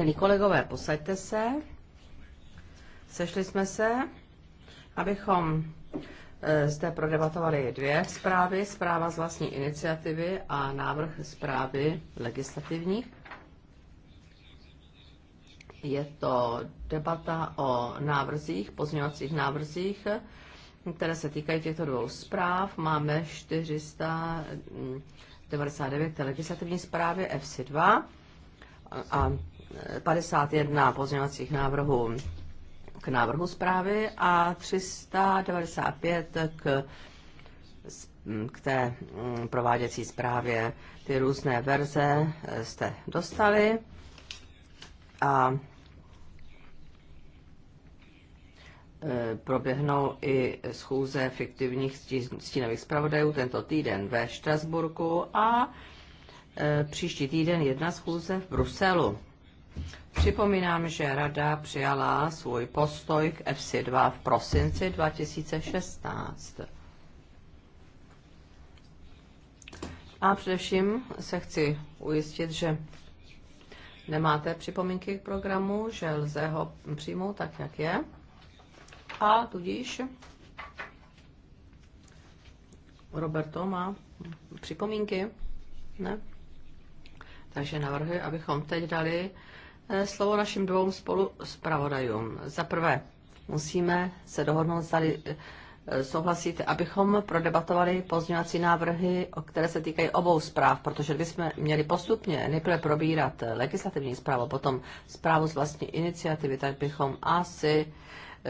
Milí kolegové, posaďte se. Sešli jsme se, abychom eh, zde prodebatovali dvě zprávy. Zpráva z vlastní iniciativy a návrh zprávy legislativní. Je to debata o návrzích, pozměňovacích návrzích, které se týkají těchto dvou zpráv. Máme 400 99 legislativní zprávy fc 2 a 51 pozměňovacích návrhů k návrhu zprávy a 395 k, k té mm, prováděcí zprávě. Ty různé verze eh, jste dostali a E, proběhnou i schůze fiktivních stínových zpravodajů tento týden ve Štrasburku a e, příští týden jedna schůze v Bruselu. Připomínám, že Rada přijala svůj postoj k fc 2 v prosinci 2016. A především se chci ujistit, že nemáte připomínky k programu, že lze ho přijmout tak, jak je. A tudíž Roberto má připomínky? Ne? Takže navrhuji, abychom teď dali eh, slovo našim dvou spolu zpravodajům. Za prvé, musíme se dohodnout, zda eh, souhlasíte, abychom prodebatovali pozměňovací návrhy, které se týkají obou zpráv, protože bychom měli postupně nejprve probírat legislativní zprávu, potom zprávu z vlastní iniciativy, tak bychom asi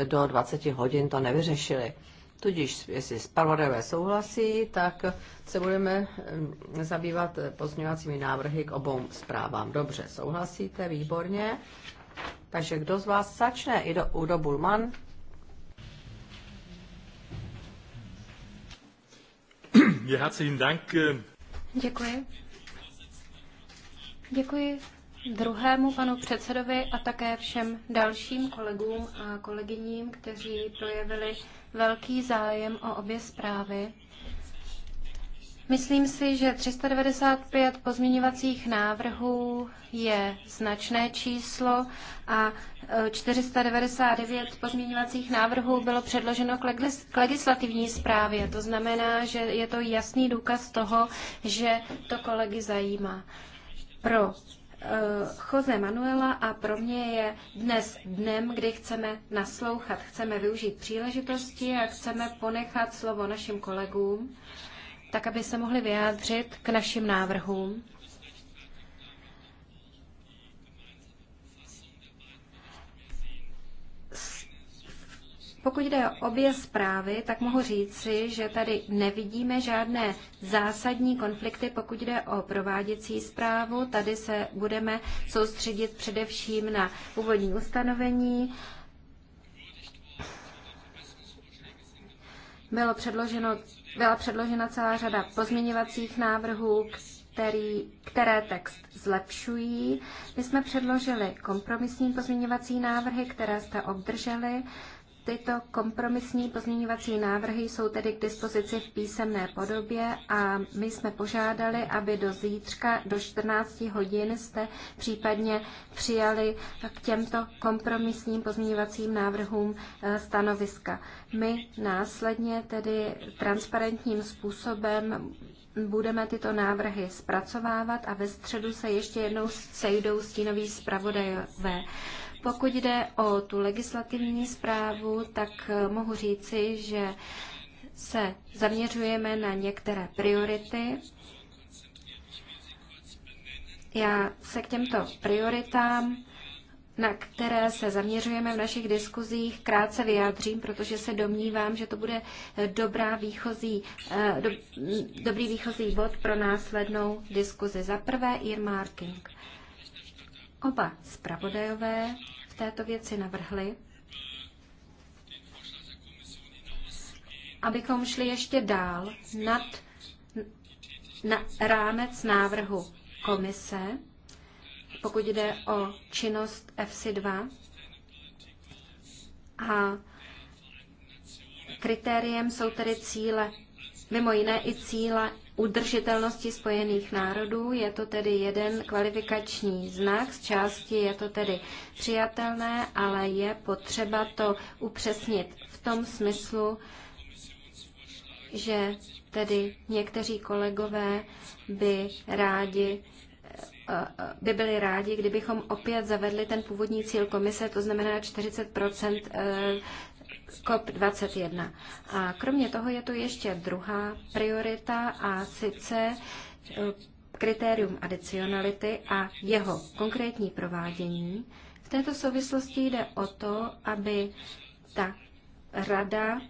do 20 hodin to nevyřešili. Tudíž, jestli zpravodajové souhlasí, tak se budeme mm, zabývat pozměňovacími návrhy k obou zprávám. Dobře, souhlasíte, výborně. Takže kdo z vás začne? Ido, Udo Bulman? Děkuji. Děkuji druhému panu předsedovi a také všem dalším kolegům a kolegyním, kteří projevili velký zájem o obě zprávy. Myslím si, že 395 pozměňovacích návrhů je značné číslo a 499 e, pozměňovacích návrhů bylo předloženo k legislativní zprávě. To znamená, že je to jasný důkaz toho, že to kolegy zajímá. Pro Eh, Jose Manuela a pro mě je dnes dnem, kdy chceme naslouchat, chceme využít příležitosti a chceme ponechat slovo našim kolegům, tak aby se mohli vyjádřit k našim návrhům. Pokud jde o obě zprávy, tak mohu říci, že tady nevidíme žádné zásadní konflikty, pokud jde o prováděcí zprávu. Tady se budeme soustředit především na úvodní ustanovení. Bylo předloženo, byla předložena celá řada pozměňovacích návrhů, který, které text zlepšují. My jsme předložili kompromisní pozměňovací návrhy, které jste obdrželi. Tyto kompromisní pozměňovací návrhy jsou tedy k dispozici v písemné podobě a my jsme požádali, aby do zítřka do 14 hodin jste případně přijali k těmto kompromisním pozměňovacím návrhům eh, stanoviska. My následně tedy transparentním způsobem budeme tyto návrhy zpracovávat a ve středu se ještě jednou sejdou stínoví zpravodajové. Pokud jde o tu legislativní zprávu, tak eh, mohu říci, že se zaměřujeme na některé priority. Já se k těmto prioritám, na které se zaměřujeme v našich diskuzích, krátce vyjádřím, protože se domnívám, že to bude eh, dobrá výchozí, eh, do, mm, dobrý výchozí bod pro následnou diskuzi. Za prvé earmarking. Oba zpravodajové této věci navrhli, abychom šli ještě dál nad na rámec návrhu komise, pokud jde o činnost FC2 a kritériem jsou tedy cíle, mimo jiné i cíle udržitelnosti spojených národů. Je to tedy jeden kvalifikační znak, z části je to tedy přijatelné, ale je potřeba to upřesnit v tom smyslu, že tedy někteří kolegové by rádi eh, eh, by byli rádi, kdybychom opět zavedli ten původní cíl komise, to znamená 40 eh, COP21. A kromě toho je tu ještě druhá priorita a sice eh, kritérium adicionality a jeho konkrétní provádění. V této souvislosti jde o to, aby ta rada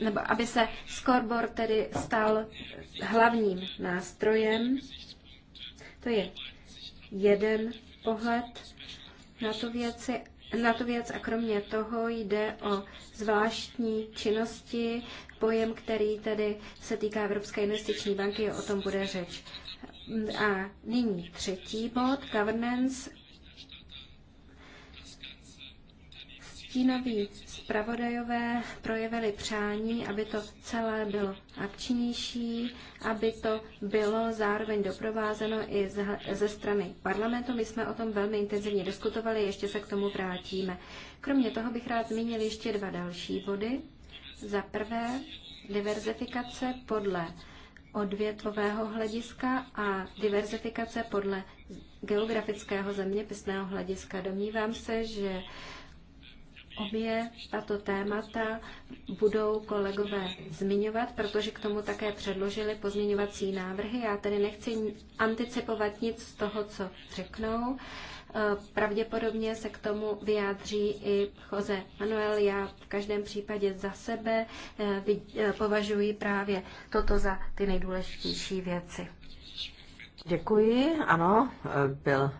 nebo aby se scoreboard tedy stal hlavním nástrojem. To je jeden pohled na tu věci za tu věc a kromě toho jde o zvláštní činnosti, pojem, který tedy se týká Evropské investiční banky, o tom bude řeč. A nyní třetí bod, governance Stínoví zpravodajové projevili přání, aby to celé bylo akčnější, aby to bylo zároveň doprovázeno i ze strany parlamentu. My jsme o tom velmi intenzivně diskutovali, ještě se k tomu vrátíme. Kromě toho bych rád zmínil ještě dva další body. Za prvé, diverzifikace podle odvětvového hlediska a diverzifikace podle geografického zeměpisného hlediska. Domnívám se, že Obě tato témata budou kolegové zmiňovat, protože k tomu také předložili pozměňovací návrhy. Já tedy nechci anticipovat nic z toho, co řeknou. E, pravděpodobně se k tomu vyjádří i Jose Manuel. Já v každém případě za sebe e, e, považuji právě toto za ty nejdůležitější věci. Děkuji, ano, byl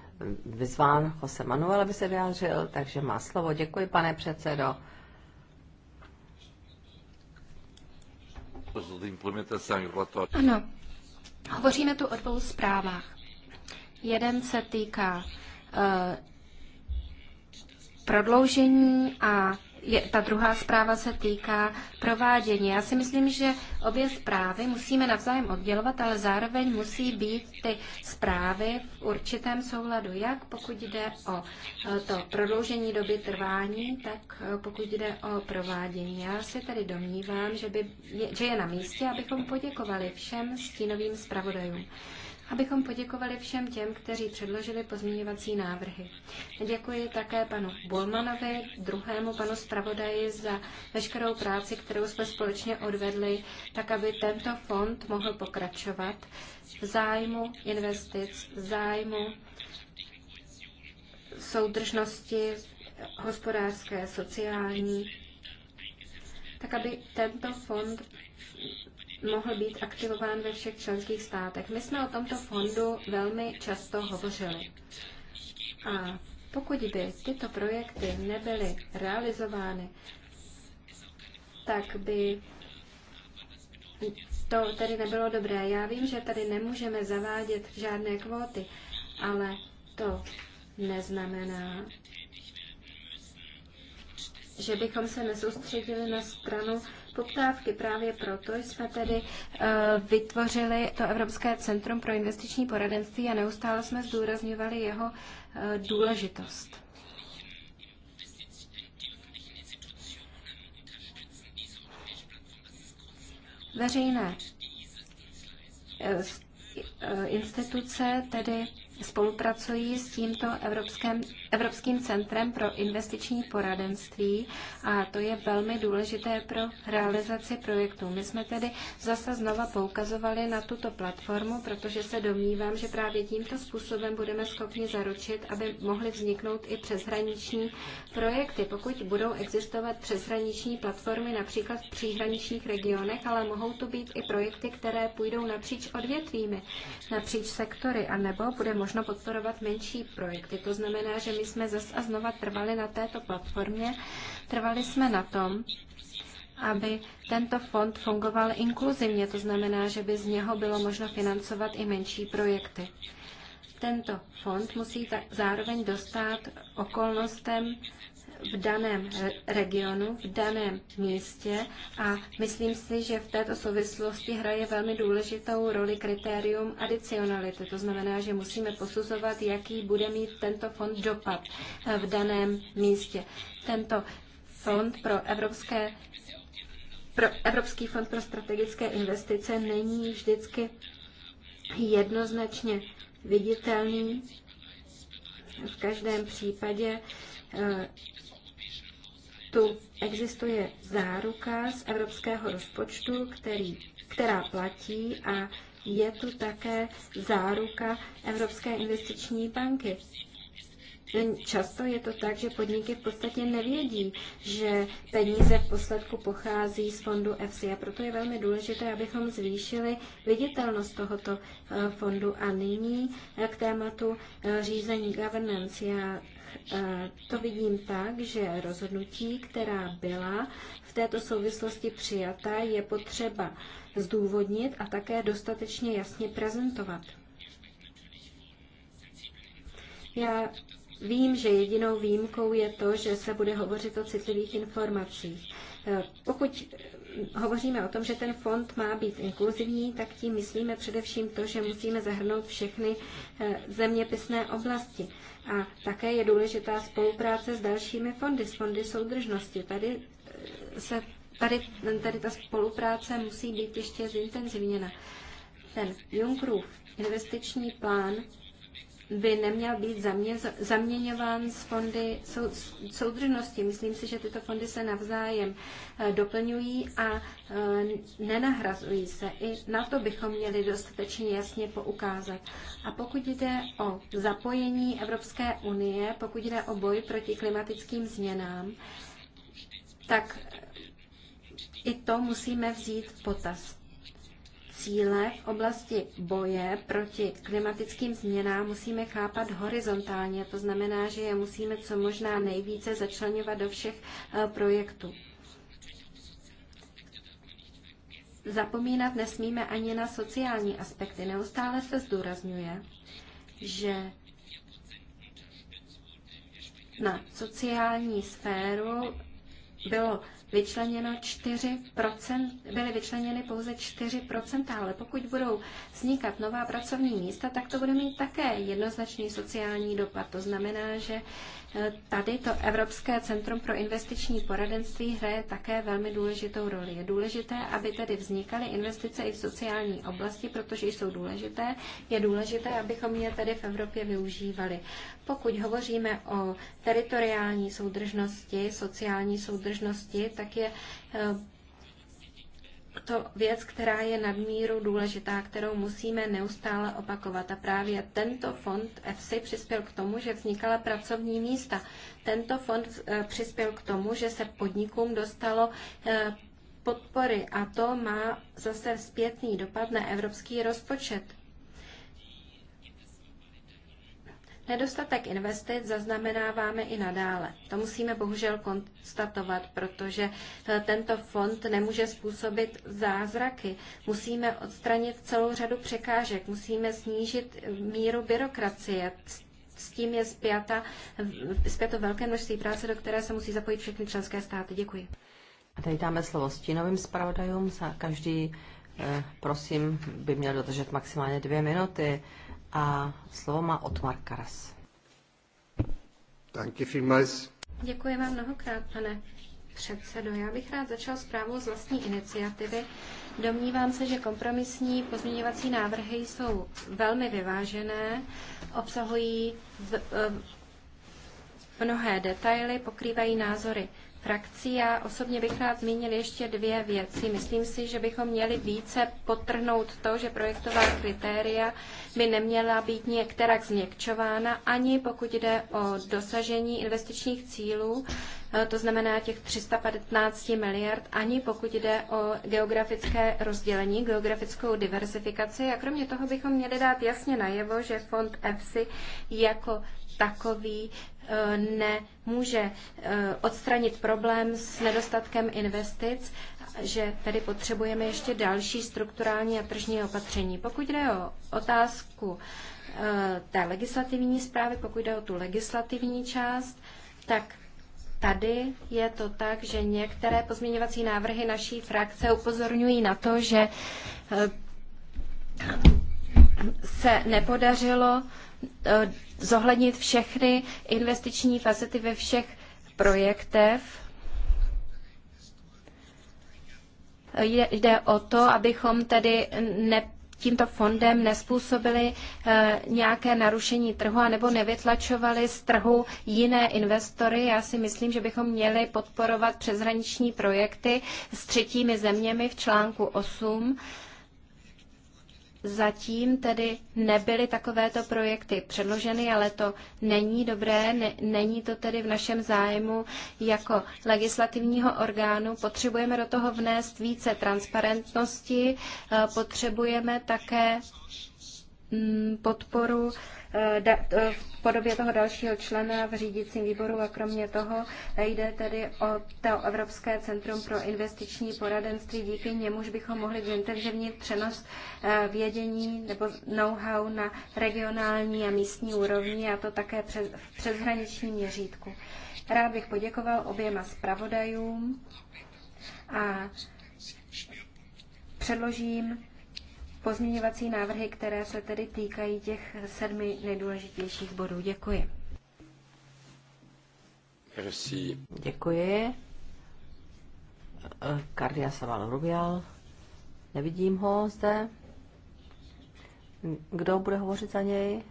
vyzván Jose Manuel, aby se vyjádřil, takže má slovo. Děkuji, pane předsedo. Ano, hovoříme tu o dvou zprávách. Jeden se týká uh, prodloužení a je, ta druhá zpráva se týká provádění. Já si myslím, že obě zprávy musíme navzájem oddělovat, ale zároveň musí být ty zprávy v určitém souladu, jak pokud jde o e, to prodloužení doby trvání, tak e, pokud jde o provádění. Já se tedy domnívám, že, by, je, že je na místě, abychom poděkovali všem stínovým zpravodajům abychom poděkovali všem těm, kteří předložili pozměňovací návrhy. Děkuji také panu Bulmanovi, druhému panu zpravodaji za veškerou práci, kterou jsme společně odvedli, tak aby tento fond mohl pokračovat v zájmu investic, v zájmu soudržnosti hospodářské, sociální, tak aby tento fond mohl být aktivován ve všech členských státech. My jsme o tomto fondu velmi často hovořili. A pokud by tyto projekty nebyly realizovány, tak by to tedy nebylo dobré. Já vím, že tady nemůžeme zavádět žádné kvóty, ale to neznamená, že bychom se nesoustředili na stranu poptávky. Právě proto jsme tedy eh, vytvořili to Evropské centrum pro investiční poradenství a neustále jsme zdůrazňovali jeho eh, důležitost. Veřejné eh, instituce tedy spolupracují s tímto Evropským Evropským centrem pro investiční poradenství a to je velmi důležité pro realizaci projektů. My jsme tedy zase znova poukazovali na tuto platformu, protože se domnívám, že právě tímto způsobem budeme schopni zaručit, aby mohly vzniknout i přeshraniční projekty. Pokud budou existovat přeshraniční platformy například v příhraničních regionech, ale mohou to být i projekty, které půjdou napříč odvětvími, napříč sektory, anebo bude možno podporovat menší projekty. To znamená, že my jsme zase a znova trvali na této platformě. Trvali jsme na tom, aby tento fond fungoval inkluzivně, to znamená, že by z něho bylo možno financovat i menší projekty. Tento fond musí zároveň dostat okolnostem v daném eh, regionu, v daném místě a myslím si, že v této souvislosti hraje velmi důležitou roli kritérium adicionality. To znamená, že musíme posuzovat, jaký bude mít tento fond dopad eh, v daném místě. Tento fond pro evropské pro Evropský fond pro strategické investice není vždycky jednoznačně viditelný. V každém případě eh, tu existuje záruka z evropského rozpočtu, který, která platí a je tu také záruka Evropské investiční banky. Často je to tak, že podniky v podstatě nevědí, že peníze v posledku pochází z fondu EFSI a proto je velmi důležité, abychom zvýšili viditelnost tohoto eh, fondu. A nyní eh, k tématu eh, řízení governance. Já to vidím tak, že rozhodnutí, která byla v této souvislosti přijata, je potřeba zdůvodnit a také dostatečně jasně prezentovat. Já Vím, že jedinou výjimkou je to, že se bude hovořit o citlivých informacích. E, pokud hovoříme o tom, že ten fond má být inkluzivní, tak tím myslíme především to, že musíme zahrnout všechny e, zeměpisné oblasti. A také je důležitá spolupráce s dalšími fondy, s fondy soudržnosti. Tady, eh, se, tady, tady ta spolupráce musí být ještě zintenzivněna. Ten Junckerův investiční plán by neměl být zaměňován s fondy soudržnosti. Myslím si, že tyto fondy se navzájem eh, doplňují a eh, nenahrazují se. I na to bychom měli dostatečně jasně poukázat. A pokud jde o zapojení Evropské unie, pokud jde o boj proti klimatickým změnám, tak i to musíme vzít v potaz cíle v oblasti boje proti klimatickým změnám musíme chápat horizontálně. To znamená, že je musíme co možná nejvíce začlenovat do všech eh, projektů. Zapomínat nesmíme ani na sociální aspekty. Neustále se zdůrazňuje, že na sociální sféru bylo vyčleněno 4%, byly vyčleněny pouze 4%, ale pokud budou vznikat nová pracovní místa, tak to bude mít také jednoznačný sociální dopad. To znamená, že Eh, tady to Evropské centrum pro investiční poradenství hraje také velmi důležitou roli. Je důležité, aby tedy vznikaly investice i v sociální oblasti, protože jsou důležité. Je důležité, abychom je tedy v Evropě využívali. Pokud hovoříme o teritoriální soudržnosti, sociální soudržnosti, tak je eh, to věc, která je nadmíru důležitá, kterou musíme neustále opakovat. A právě tento fond EFSI přispěl k tomu, že vznikala pracovní místa. Tento fond eh, přispěl k tomu, že se podnikům dostalo eh, podpory a to má zase zpětný dopad na evropský rozpočet. Nedostatek investic zaznamenáváme i nadále. To musíme bohužel konstatovat, protože eh, tento fond nemůže způsobit zázraky. Musíme odstranit celou řadu překážek, musíme snížit eh, míru byrokracie. S tím je zpěta, eh, zpěto velké množství práce, do které se musí zapojit všechny členské státy. Děkuji. A tady dáme slovo stínovým zpravodajům za každý Eh, prosím, by měl dodržet maximálně dvě minuty. A slovo má Otmar Karas. Děkuji vám mnohokrát, pane předsedo. Já bych rád začal zprávu z vlastní iniciativy. Domnívám se, že kompromisní pozměňovací návrhy jsou velmi vyvážené, obsahují v, v, eh, mnohé detaily, pokrývají názory frakcí. Já osobně bych rád zmínil ještě dvě věci. Myslím si, že bychom měli více potrhnout to, že projektová kritéria by neměla být některak změkčována, ani pokud jde o dosažení investičních cílů, eh, to znamená těch 315 miliard, ani pokud jde o geografické rozdělení, geografickou diversifikaci. A kromě toho bychom měli dát jasně najevo, že fond EFSI jako takový nemůže eh, odstranit problém s nedostatkem investic, že tady potřebujeme ještě další strukturální a tržní opatření. Pokud jde o otázku eh, té legislativní zprávy, pokud jde o tu legislativní část, tak tady je to tak, že některé pozměňovací návrhy naší frakce upozorňují na to, že eh, se nepodařilo Eh, zohlednit všechny investiční facety ve všech projektech. Eh, jde o to, abychom tedy ne, tímto fondem nespůsobili eh, nějaké narušení trhu anebo nevytlačovali z trhu jiné investory. Já si myslím, že bychom měli podporovat přeshraniční projekty s třetími zeměmi v článku 8 Zatím tedy nebyly takovéto projekty předloženy, ale to není dobré, ne, není to tedy v našem zájmu jako legislativního orgánu. Potřebujeme do toho vnést více transparentnosti, eh, potřebujeme také Mm, podporu eh, eh, v podobě toho dalšího člena v řídícím výboru a kromě toho jde tedy o to Evropské centrum pro investiční poradenství. Díky němuž bychom mohli zintenzivnit přenos eh, vědění nebo know-how na regionální a místní úrovni a to také v přeshraničním měřítku. Rád bych poděkoval oběma zpravodajům a předložím pozměňovací návrhy, které se tedy týkají těch sedmi nejdůležitějších bodů. Děkuji. Merci. Děkuji. Kardia Saval Rubial. Nevidím ho zde. Kdo bude hovořit za něj?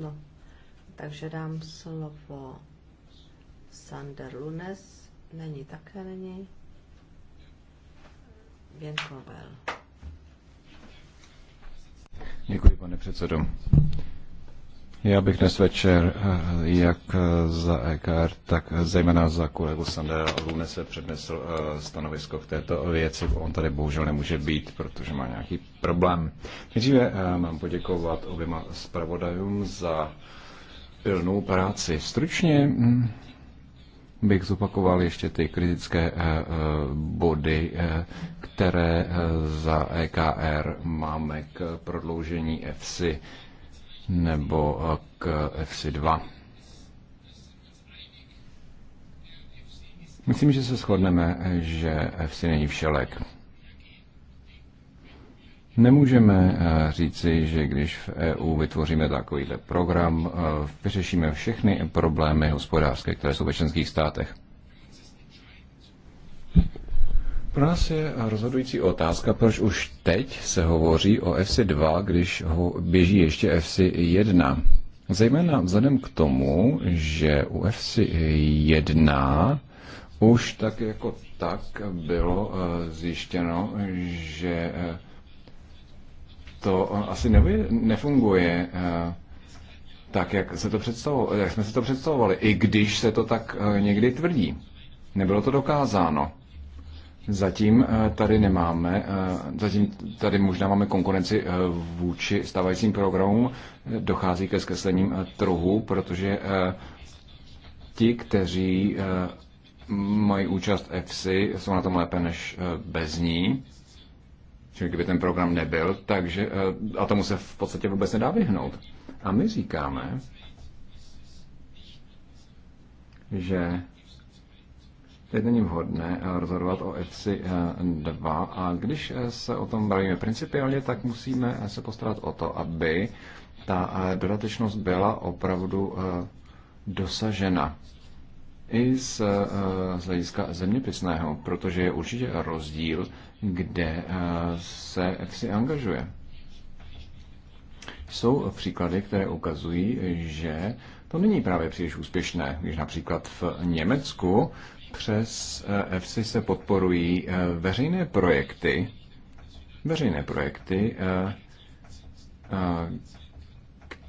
No, takže dám slovo Sander Lunes není také není. Věnkobel. Děkuji, pane předsedo. Já bych dnes večer, eh, jak za EKR, tak zejména za kolegu Sandra Lune se přednesl eh, stanovisko k této věci. On tady bohužel nemůže být, protože má nějaký problém. Nejdříve eh, mám poděkovat oběma zpravodajům za pilnou práci. Stručně hm, bych zopakoval ještě ty kritické eh, eh, body, eh, které za EKR máme k prodloužení FSI nebo k FSI 2. Myslím, že se shodneme, že FSI není všelek. Nemůžeme eh, říci, že když v EU vytvoříme takovýhle program, eh, vyřešíme všechny problémy hospodářské, které jsou ve členských státech. Pro nás je rozhodující otázka, proč už teď se hovoří o FC2, když ho běží ještě FC1. Zejména vzhledem k tomu, že u FC1 už tak jako tak bylo eh, zjištěno, že to asi nevy, nefunguje eh, tak, jak, se to představovali, jak jsme se to představovali, i když se to tak eh, někdy tvrdí. Nebylo to dokázáno. Zatím eh, tady nemáme, zatím tady možná máme konkurenci vůči stávajícím programům, dochází ke zkreslením trhu, protože ti, kteří mají účast EFSI, jsou na tom lépe než bez ní. Čili kdyby ten program nebyl, takže, eh, a tomu se v podstatě vůbec nedá vyhnout. A my říkáme, že teď není vhodné eh, rozhodovat o EPSI 2 eh, a když se o tom bavíme principiálně, tak musíme se postarat o to, aby ta dodatečnost byla opravdu dosažena i z, eh, z hlediska zeměpisného, protože je určitě rozdíl, kde eh, se si angažuje. Jsou příklady, které ukazují, že to není právě příliš úspěšné, když například v Německu přes EFSI eh, se podporují veřejné projekty, veřejné projekty,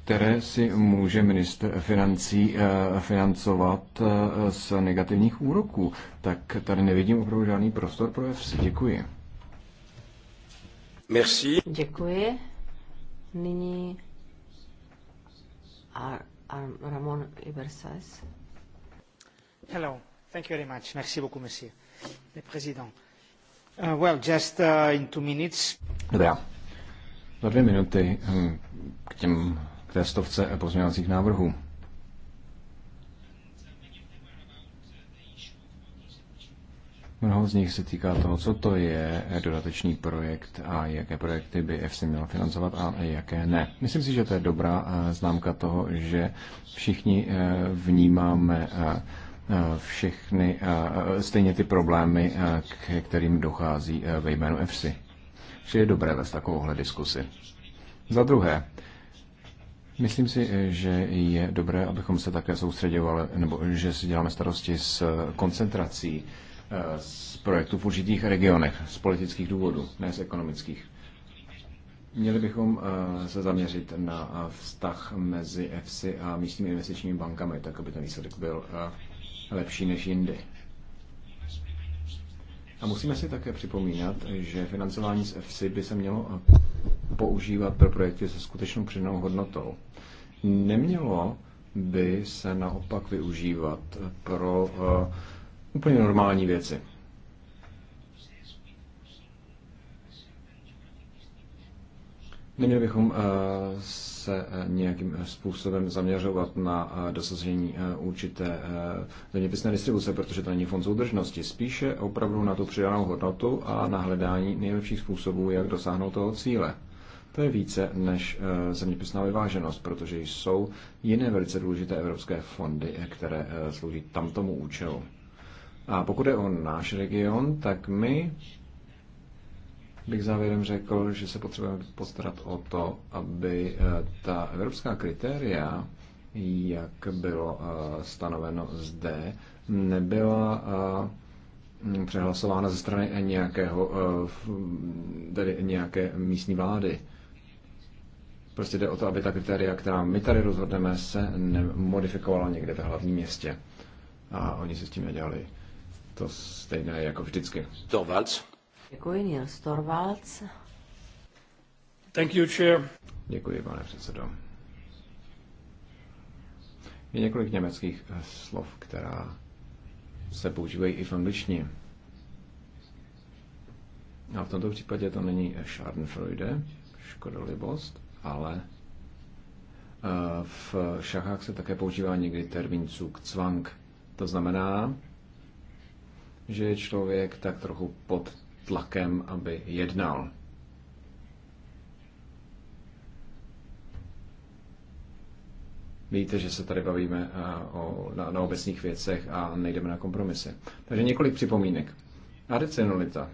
které si může minister financí eh, financovat eh, z negativních úroků. Tak tady nevidím opravdu žádný prostor pro EFSI. Děkuji. Merci. Děkuji. Nyní Ar- Ar- Ramon Ibersas. Hello. Thank you very much. Merci beaucoup, monsieur le président. Uh, well, just uh, in two minutes. Dobrá. Za dvě minuty hm, k těm k té stovce pozměňovacích návrhů. Mnoho z nich se týká toho, co to je dodatečný projekt a jaké projekty by EFSI měla financovat a jaké ne. Myslím si, že to je dobrá eh, známka toho, že všichni eh, vnímáme eh, všechny stejně ty problémy, k kterým dochází ve jménu EFSI. Vše je dobré vést takovouhle diskusi. Za druhé, Myslím si, že je dobré, abychom se také soustředěvali, nebo že si děláme starosti s koncentrací eh, z projektů v určitých regionech, z politických důvodů, ne z ekonomických. Měli bychom eh, se zaměřit na eh, vztah mezi EFSI a místními investičními bankami, tak aby ten výsledek byl lepší než jindy. A musíme si také připomínat, že financování z EFSI by se mělo používat pro projekty se skutečnou přidanou hodnotou nemělo by se naopak využívat pro uh, úplně normální věci. Neměli bychom eh, se eh, nějakým způsobem zaměřovat na dosažení určité zeměpisné distribuce, protože to není fond soudržnosti. Spíše opravdu na tu přidanou hodnotu a na hledání nejlepších způsobů, jak dosáhnout toho cíle. To je více než eh, zeměpisná vyváženost, protože jsou jiné velice důležité evropské fondy, eh, které eh, slouží tam tomu účelu. A pokud je o náš region, tak my bych závěrem řekl, že se potřebujeme postarat o to, aby ta evropská kritéria, jak bylo stanoveno zde, nebyla přehlasována ze strany nějakého, tedy nějaké místní vlády. Prostě jde o to, aby ta kritéria, která my tady rozhodneme, se nemodifikovala někde ve hlavním městě. A oni si s tím nedělali to stejné jako vždycky. Torvalds. Děkuji, Nils Torvalds. Thank you, chair. Děkuji, pane předsedo. Je několik německých eh, slov, která se používají i v angličtině. A v tomto případě to není Schadenfreude, škodolibost, ale eh, v šachách se také používá někdy termín cukcvang. To znamená, že je člověk tak trochu pod tlakem, aby jednal. Víte, že se tady bavíme eh, o, na, na obecných věcech a nejdeme na kompromisy. Takže několik připomínek. Adicionalita.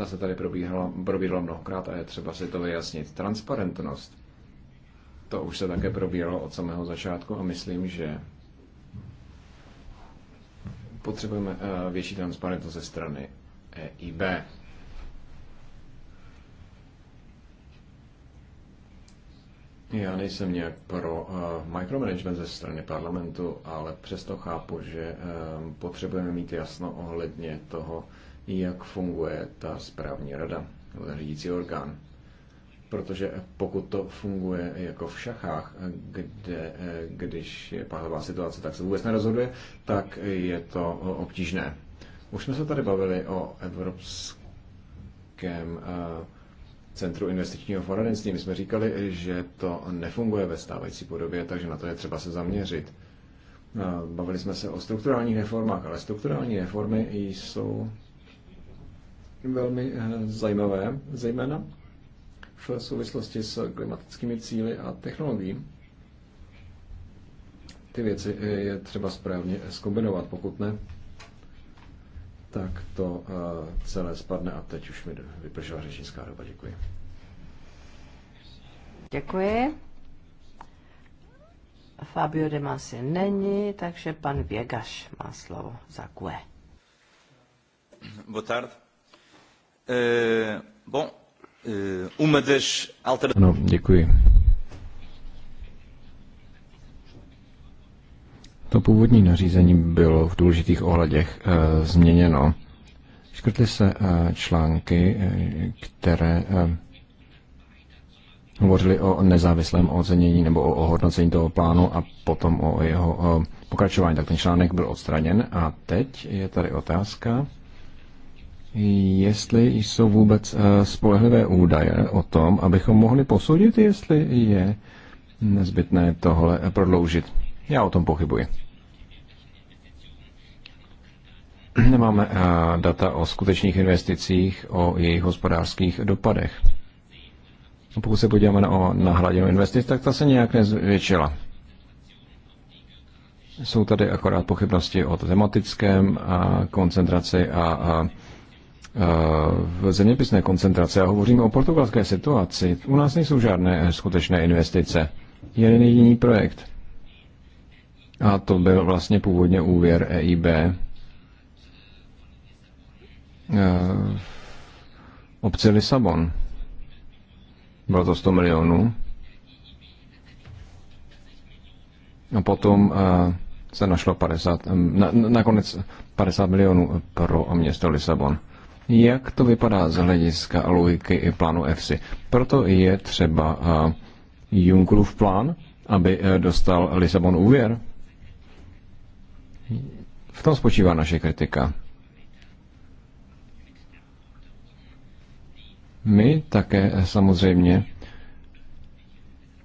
Ta se tady probíhala, probíhala mnohokrát a je třeba si to vyjasnit. Transparentnost. To už se také probíhalo od samého začátku a myslím, že potřebujeme eh, větší transparentnost ze strany EIB. Já nejsem nějak pro uh, micromanagement ze strany parlamentu, ale přesto chápu, že uh, potřebujeme mít jasno ohledně toho, jak funguje ta správní rada nebo ten řídící orgán. Protože pokud to funguje jako v šachách, kde, když je pahlavá situace, tak se vůbec nerozhoduje, tak je to obtížné. Už jsme se tady bavili o Evropském eh, Centru investičního poradenství. My jsme říkali, že to nefunguje ve stávající podobě, takže na to je třeba se zaměřit. Eh, bavili jsme se o strukturálních reformách, ale strukturální reformy jsou velmi eh, zajímavé, zejména v souvislosti s klimatickými cíly a technologií. Ty věci eh, je třeba správně eh, zkombinovat, pokud ne, tak to celé spadne a teď už mi vypršela řečnická doba. Děkuji. Děkuji. Fabio de Masi není, takže pan Věgaš má slovo za QE. Boa tarde. Eh, eh, ano, děkuji. To původní nařízení bylo v důležitých ohledech e, změněno. Škrtly se e, články, e, které e, hovořili o nezávislém ocenění nebo o ohodnocení toho plánu a potom o jeho o pokračování. Tak ten článek byl odstraněn a teď je tady otázka jestli jsou vůbec eh, spolehlivé údaje o tom, abychom mohli posoudit, jestli je nezbytné tohle eh, prodloužit. Já o tom pochybuji. Nemáme eh, data o skutečných investicích, o jejich hospodářských dopadech. Pokud se podíváme na, na hladinu investic, tak ta se nějak nezvětšila. Jsou tady akorát pochybnosti o tematickém a koncentraci a, a v zeměpisné koncentrace Já hovoříme o portugalské situaci. U nás nejsou žádné skutečné investice. Jeden jediný projekt. A to byl vlastně původně úvěr EIB v eh, obci Lisabon. Bylo to 100 milionů. A potom eh, se našlo 50, eh, na, nakonec 50 milionů pro město Lisabon jak to vypadá z hlediska logiky i plánu EFSI. Proto je třeba eh, Junckerův plán, aby eh, dostal Lisabon úvěr. V tom spočívá naše kritika. My také eh, samozřejmě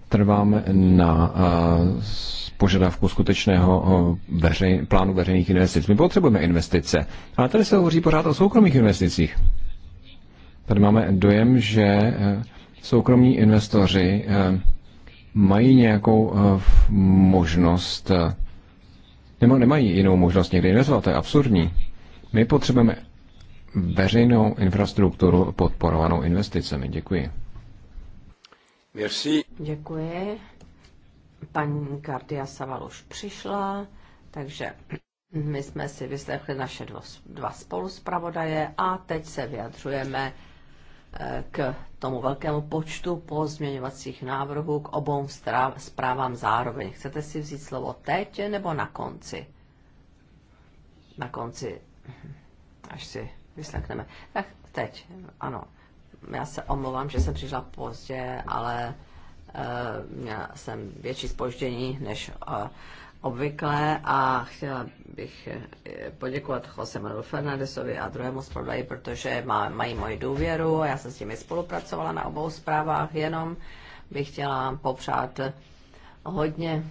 trváme na požadavku skutečného veřej, plánu veřejných investic. My potřebujeme investice, ale tady se hovoří pořád o soukromých investicích. Tady máme dojem, že e, soukromí investoři e, mají nějakou e, možnost, nebo nemají jinou možnost někdy investovat, to je absurdní. My potřebujeme veřejnou infrastrukturu podporovanou investicemi. Děkuji. Merci. Děkuji. Paní Gardia Saval už přišla, takže my jsme si vyslechli naše dva, dva spoluspravodaje a teď se vyjadřujeme eh, k tomu velkému počtu pozměňovacích návrhů k obou zprávám zároveň. Chcete si vzít slovo teď nebo na konci? Na konci, až si vyslechneme. Tak teď, ano. Já se omlouvám, že jsem přišla pozdě, ale Eh, měla jsem větší spoždění než eh, obvykle a chtěla bych eh, poděkovat Jose Manuel Fernandesovi a druhému zpravodaji, protože má, mají moji důvěru a já jsem s nimi spolupracovala na obou zprávách, jenom bych chtěla popřát hodně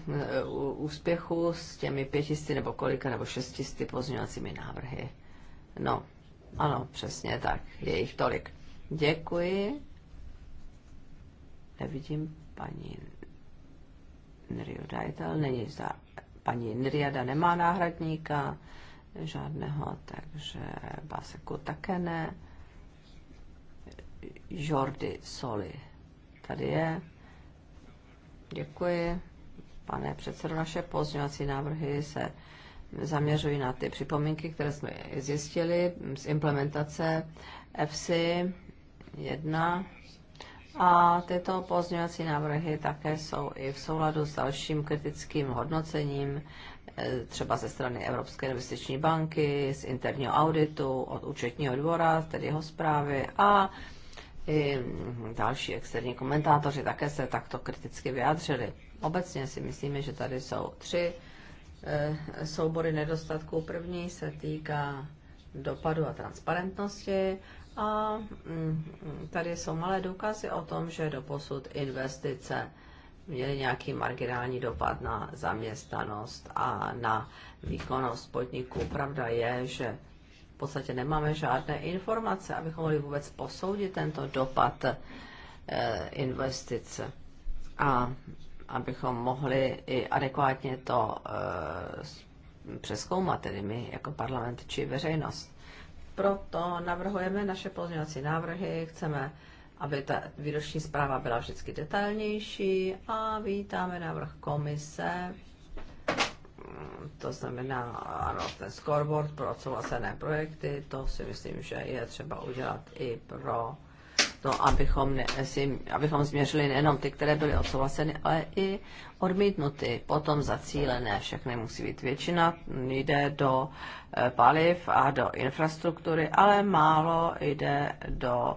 úspěchu s těmi pětisty nebo kolika nebo šestisty pozměňovacími návrhy. No, ano, přesně tak, je jich tolik. Děkuji. Nevidím Paní Nriodajtel není za... Paní Nriada nemá náhradníka žádného, takže Baseku také ne. Jordi Soli tady je. Děkuji. Pane předsedo, naše pozměňovací návrhy se zaměřují na ty připomínky, které jsme zjistili z implementace FC 1 a tyto pozměňovací návrhy také jsou i v souladu s dalším kritickým hodnocením, e, třeba ze strany Evropské investiční banky, z interního auditu, od účetního dvora, tedy jeho zprávy a i další externí komentátoři také se takto kriticky vyjádřili. Obecně si myslíme, že tady jsou tři e, soubory nedostatků. První se týká dopadu a transparentnosti a mm, mm, tady jsou malé důkazy o tom, že doposud investice měly nějaký marginální dopad na zaměstnanost a na výkonnost podniků. Pravda je, že v podstatě nemáme žádné informace, abychom mohli vůbec posoudit tento dopad e, investice a abychom mohli i adekvátně to e, přeskoumat, tedy my jako parlament či veřejnost. Proto navrhujeme naše pozměňovací návrhy, chceme, aby ta výroční zpráva byla vždycky detailnější a vítáme návrh komise, to znamená, ano, ten scoreboard pro odsouhlasené projekty, to si myslím, že je třeba udělat i pro to, abychom, ne, si, abychom změřili nejenom ty, které byly odsouhlaseny, ale i odmítnuty, potom zacílené. Všechny musí být většina, jde do e, paliv a do infrastruktury, ale málo jde do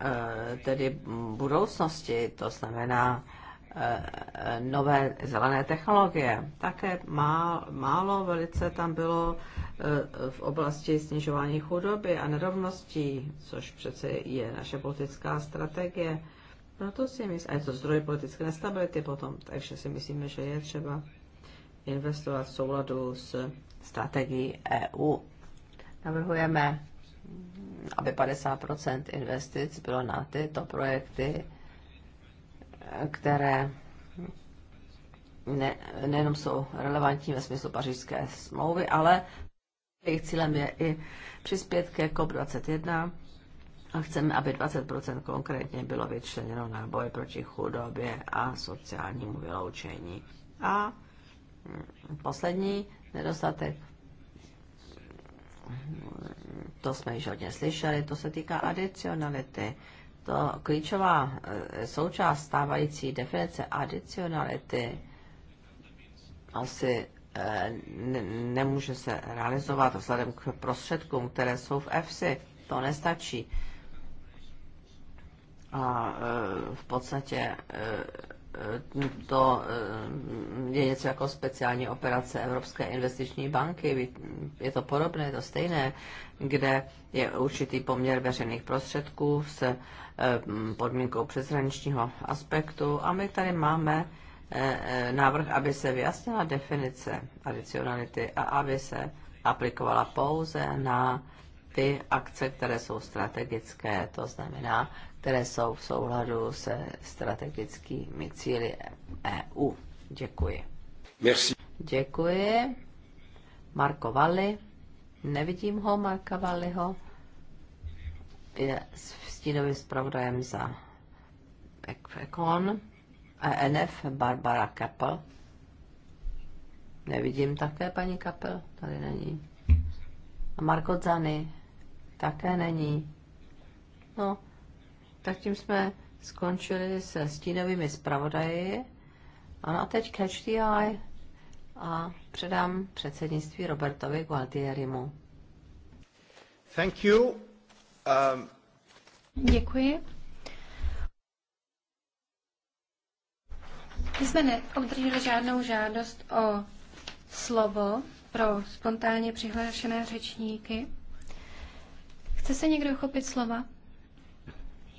e, tedy budoucnosti, to znamená nové zelené technologie. Také má, málo velice tam bylo eh, v oblasti snižování chudoby a nerovností, což přece je naše politická strategie. Proto si myslím, a je to zdroj politické nestability potom, takže si myslíme, že je třeba investovat v souladu s strategií EU. Navrhujeme, aby 50 investic bylo na tyto projekty, které ne, nejenom jsou relevantní ve smyslu pařížské smlouvy, ale jejich cílem je i přispět ke COP21 a chceme, aby 20% konkrétně bylo vyčleněno na boj proti chudobě a sociálnímu vyloučení. A poslední nedostatek, to jsme již hodně slyšeli, to se týká adicionality to klíčová eh, součást stávající definice adicionality asi eh, nemůže se realizovat vzhledem k prostředkům, které jsou v EFSI. To nestačí. A eh, v podstatě to eh, je něco jako speciální operace Evropské investiční banky, je to podobné, je to stejné, kde je určitý poměr veřejných prostředků s eh, podmínkou přeshraničního aspektu a my tady máme eh, návrh, aby se vyjasnila definice adicionality a aby se aplikovala pouze na ty akce, které jsou strategické, to znamená, které jsou v souhladu se strategickými cíly EU. Děkuji. Merci. Děkuji. Marko Valli. Nevidím ho, Marka Valliho. Je stínovým zpravodajem za Ekon. ENF Barbara Kappel. Nevidím také paní Kapel, tady není. A Marko Zany také není. No, tak tím jsme skončili se stínovými zpravodaji. A a teď catch the eye a předám předsednictví Robertovi Gualtierimu. Thank you. Um... Děkuji. My jsme neobdrželi žádnou žádost o slovo pro spontánně přihlášené řečníky. Chce se někdo chopit slova?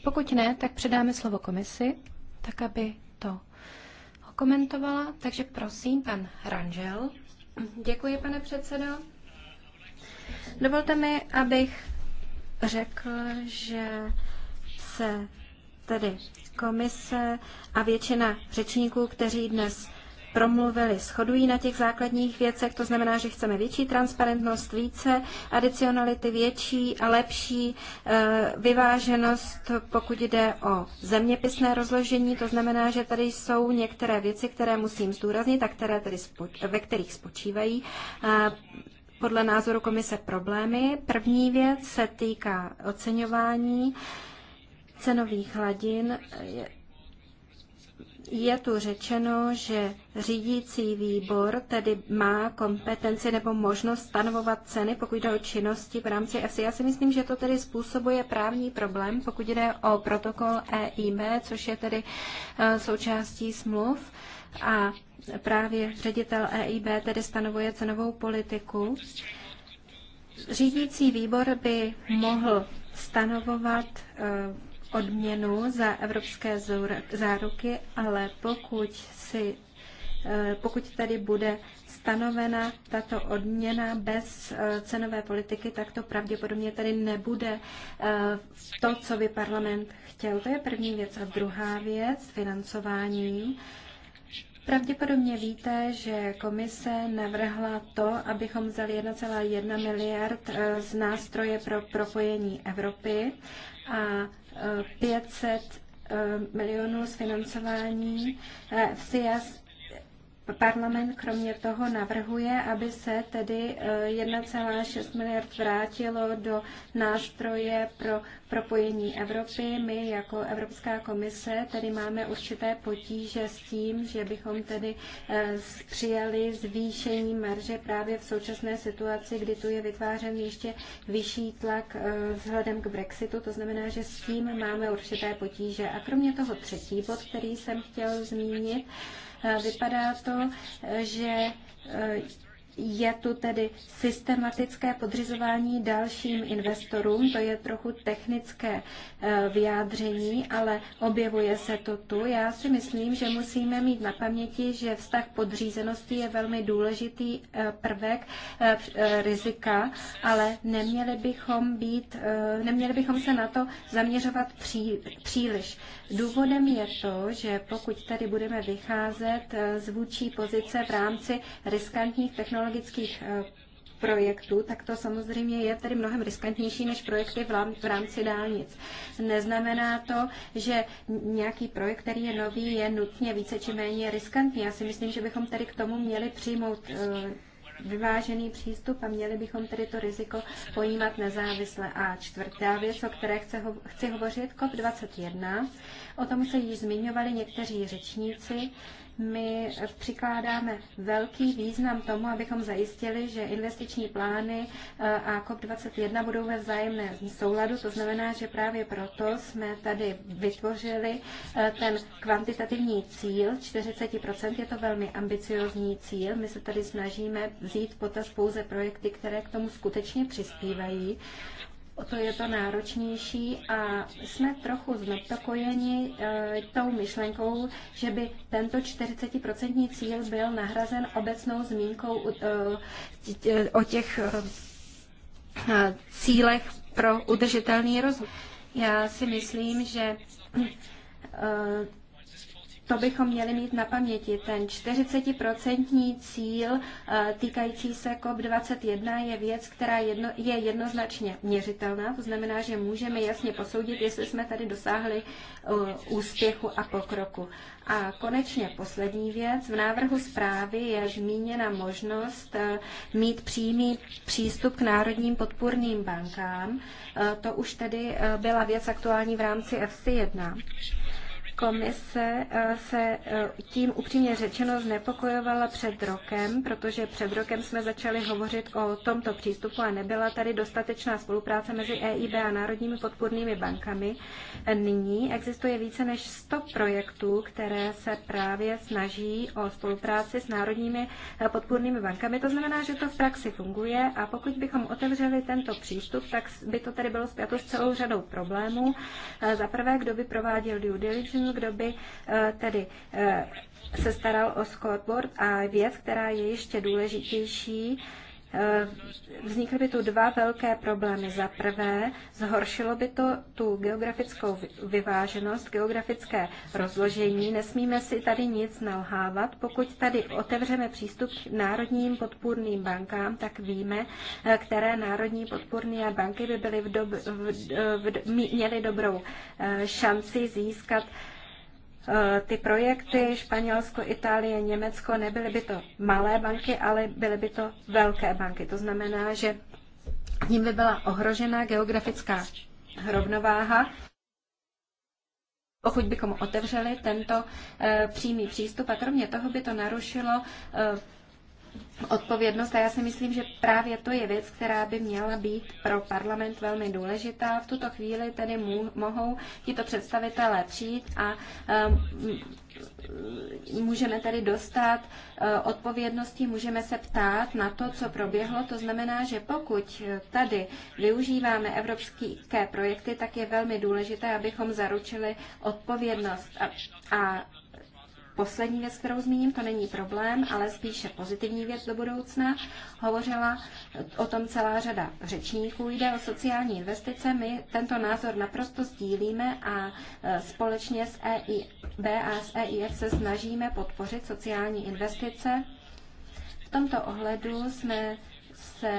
Pokud ne, tak předáme slovo komisi, tak aby to komentovala. Takže prosím, pan Ranžel. Děkuji, pane předsedo. Dovolte mi, abych řekl, že se tedy komise a většina řečníků, kteří dnes promluvili, shodují na těch základních věcech. To znamená, že chceme větší transparentnost, více adicionality, větší a lepší eh, vyváženost, pokud jde o zeměpisné rozložení. To znamená, že tady jsou některé věci, které musím zdůraznit a které tedy spoč- ve kterých spočívají eh, podle názoru komise problémy. První věc se týká oceňování cenových hladin je tu řečeno, že řídící výbor tedy má kompetenci nebo možnost stanovovat ceny, pokud jde o činnosti v rámci EFSI. Já si myslím, že to tedy způsobuje právní problém, pokud jde o protokol EIB, což je tedy eh, součástí smluv. A právě ředitel EIB tedy stanovuje cenovou politiku. Řídící výbor by mohl stanovovat eh, odměnu za evropské záruky, ale pokud, si, eh, pokud tady bude stanovena tato odměna bez eh, cenové politiky, tak to pravděpodobně tady nebude eh, to, co by parlament chtěl. To je první věc. A druhá věc, financování. Pravděpodobně víte, že komise navrhla to, abychom vzali 1,1 miliard eh, z nástroje pro propojení Evropy a 500 eh, eh, milionů z financování FCS Parlament kromě toho navrhuje, aby se tedy 1,6 eh, miliard vrátilo do nástroje pro propojení Evropy. My jako Evropská komise tedy máme určité potíže s tím, že bychom tedy eh, přijali zvýšení marže právě v současné situaci, kdy tu je vytvářen ještě vyšší tlak eh, vzhledem k Brexitu. To znamená, že s tím máme určité potíže. A kromě toho třetí bod, který jsem chtěl zmínit, Vypadá to, že je tu tedy systematické podřizování dalším investorům, to je trochu technické eh, vyjádření, ale objevuje se to tu. Já si myslím, že musíme mít na paměti, že vztah podřízenosti je velmi důležitý eh, prvek eh, rizika, ale neměli bychom, být, neměli bychom se na to zaměřovat pří, příliš. Důvodem je to, že pokud tady budeme vycházet z vůči pozice v rámci riskantních technologií, technologických eh, projektů, tak to samozřejmě je tedy mnohem riskantnější než projekty v rámci dálnic. Neznamená to, že nějaký projekt, který je nový, je nutně více či méně riskantní. Já si myslím, že bychom tedy k tomu měli přijmout eh, vyvážený přístup a měli bychom tedy to riziko pojímat nezávisle. A čtvrtá věc, o které chci hovořit, COP21, o tom se již zmiňovali někteří řečníci my přikládáme velký význam tomu, abychom zajistili, že investiční plány eh, a COP21 budou ve vzájemné souladu. To znamená, že právě proto jsme tady vytvořili eh, ten kvantitativní cíl 40%. Je to velmi ambiciozní cíl. My se tady snažíme vzít potaz pouze projekty, které k tomu skutečně přispívají o to je to náročnější a jsme trochu znepokojeni e, tou myšlenkou, že by tento 40% cíl byl nahrazen obecnou zmínkou e, o těch e, cílech pro udržitelný rozvoj. Já si myslím, že to bychom měli mít na paměti. Ten 40% cíl eh, týkající se COP21 je věc, která jedno, je jednoznačně měřitelná, to znamená, že můžeme jasně posoudit, jestli jsme tady dosáhli eh, úspěchu a pokroku. A konečně poslední věc. V návrhu zprávy je zmíněna možnost eh, mít přímý přístup k národním podpůrným bankám. To už tedy byla věc aktuální v rámci FC1. Komise eh, se eh, tím upřímně řečeno znepokojovala před rokem, protože před rokem jsme začali hovořit o tomto přístupu a nebyla tady dostatečná spolupráce mezi EIB a národními podpůrnými bankami. Nyní existuje více než 100 projektů, které se právě snaží o spolupráci s národními eh, podpůrnými bankami. To znamená, že to v praxi funguje a pokud bychom otevřeli tento přístup, tak by to tady bylo zpěto s celou řadou problémů. Za prvé, kdo by prováděl due diligence, první, kdo by eh, tedy eh, se staral o scoreboard a věc, která je ještě důležitější, eh, vznikly by tu dva velké problémy. Za prvé, zhoršilo by to tu geografickou vyváženost, geografické rozložení. Nesmíme si tady nic nalhávat. Pokud tady otevřeme přístup k národním podpůrným bankám, tak víme, které národní podpůrné banky by byly v dob, v, v, v, měly dobrou šanci získat Eh, ty projekty Španělsko, Itálie, Německo, nebyly by to malé banky, ale byly by to velké banky. To znamená, že ním by byla ohrožena geografická rovnováha. Pokud bychom otevřeli tento e, přímý přístup a kromě toho by to narušilo e, odpovědnost a já si myslím, že právě to je věc, která by měla být pro parlament velmi důležitá. V tuto chvíli tedy mů, mohou tito představitelé přijít a um, můžeme tedy dostat uh, odpovědnosti, můžeme se ptát na to, co proběhlo. To znamená, že pokud tady využíváme evropské projekty, tak je velmi důležité, abychom zaručili odpovědnost a, a poslední věc, kterou zmíním, to není problém, ale spíše pozitivní věc do budoucna. Hovořila o tom celá řada řečníků. Jde o sociální investice. My tento názor naprosto sdílíme a e, společně s EIB a s EIF se snažíme podpořit sociální investice. V tomto ohledu jsme se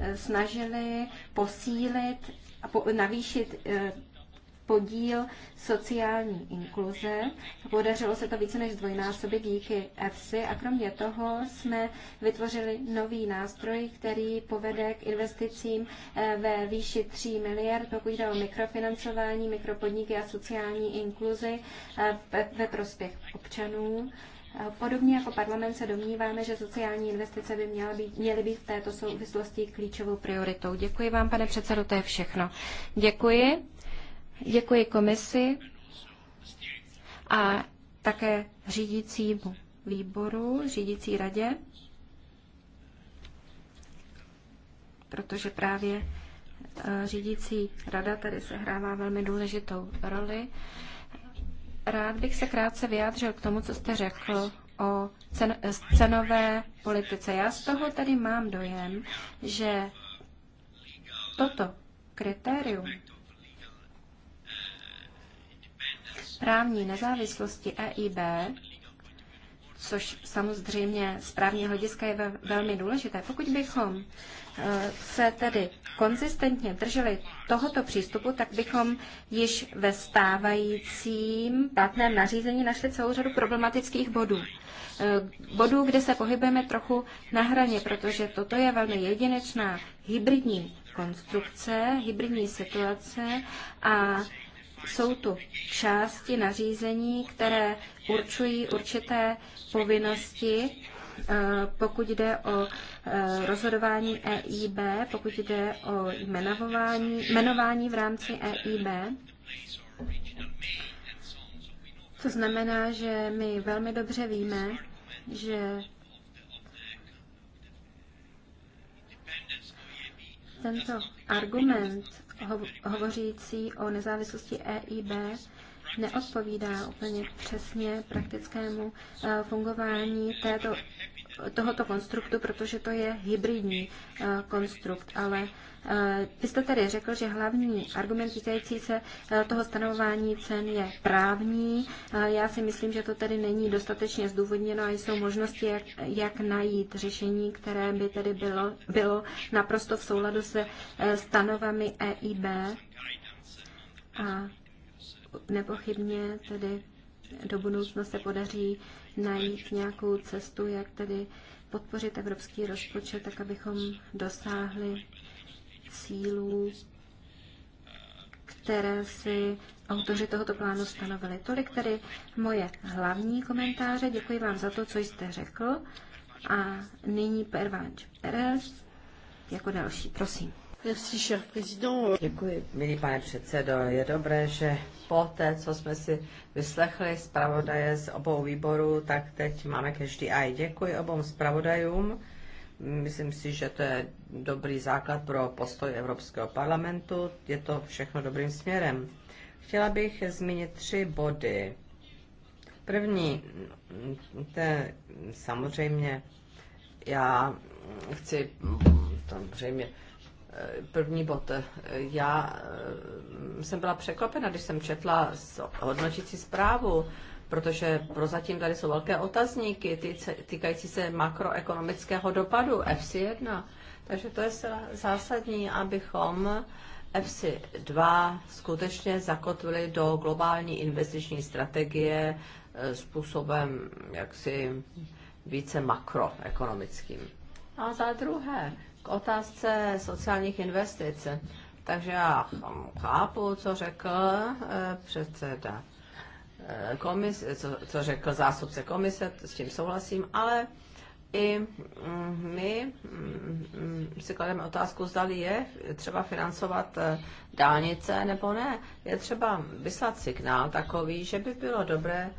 e, snažili posílit a navýšit e, podíl sociální inkluze. Podařilo se to více než dvojnásobit díky EFSI a kromě toho jsme vytvořili nový nástroj, který povede k investicím eh, ve výši 3 miliard, pokud jde o mikrofinancování, mikropodniky a sociální inkluzi eh, ve prospěch občanů. Eh, podobně jako parlament se domníváme, že sociální investice by měla být, měly být v této souvislosti klíčovou prioritou. Děkuji vám, pane předsedo, to je všechno. Děkuji. Děkuji komisi a také řídícímu výboru, řídící radě, protože právě e, řídící rada tady sehrává velmi důležitou roli. Rád bych se krátce vyjádřil k tomu, co jste řekl o cenové politice. Já z toho tady mám dojem, že toto kritérium právní nezávislosti EIB, což samozřejmě z právního hlediska je velmi důležité, pokud bychom eh, se tedy konzistentně drželi tohoto přístupu, tak bychom již ve stávajícím platném nařízení našli celou řadu problematických bodů. Eh, bodů, kde se pohybujeme trochu na hraně, protože toto je velmi jedinečná hybridní konstrukce, hybridní situace a jsou tu části nařízení, které určují určité povinnosti, eh, pokud jde o eh, rozhodování EIB, pokud jde o jmenování, jmenování v rámci EIB. To znamená, že my velmi dobře víme, že Tento argument hovořící o nezávislosti EIB neodpovídá úplně přesně praktickému eh, fungování této tohoto konstruktu, protože to je hybridní eh, konstrukt, ale eh, vy jste tady řekl, že hlavní argument týkající se eh, toho stanovování cen je právní. Já si myslím, že to tady není dostatečně zdůvodněno a jsou možnosti, jak, jak najít řešení, které by tedy bylo, bylo naprosto v souladu se stanovami EIB. A nepochybně tedy do budoucna se podaří najít nějakou cestu, jak tedy podpořit evropský rozpočet, tak abychom dosáhli cílů, které si autoři tohoto plánu stanovili. Tolik tedy moje hlavní komentáře. Děkuji vám za to, co jste řekl. A nyní Pervanč Perez jako další. Prosím. Děkuji, milý pane předsedo. Je dobré, že po té, co jsme si vyslechli zpravodaje z obou výborů, tak teď máme každý aj. Děkuji obou zpravodajům. Myslím si, že to je dobrý základ pro postoj Evropského parlamentu. Je to všechno dobrým směrem. Chtěla bych zmínit tři body. První, to je samozřejmě, já chci samozřejmě První bod. Já eh, jsem byla překvapena, když jsem četla hodnotící zprávu, protože prozatím tady jsou velké otazníky ty, týkající se makroekonomického dopadu FC1. Takže to je zásadní, abychom fc 2 skutečně zakotvili do globální investiční strategie eh, způsobem jaksi více makroekonomickým. A za druhé, k otázce sociálních investic. Takže já chápu, co řekl eh, předseda eh, komise, co, co řekl zástupce komise, s tím souhlasím, ale i mm, my mm, mm, si klademe otázku, zda je třeba financovat eh, dálnice nebo ne. Je třeba vyslat signál takový, že by bylo dobré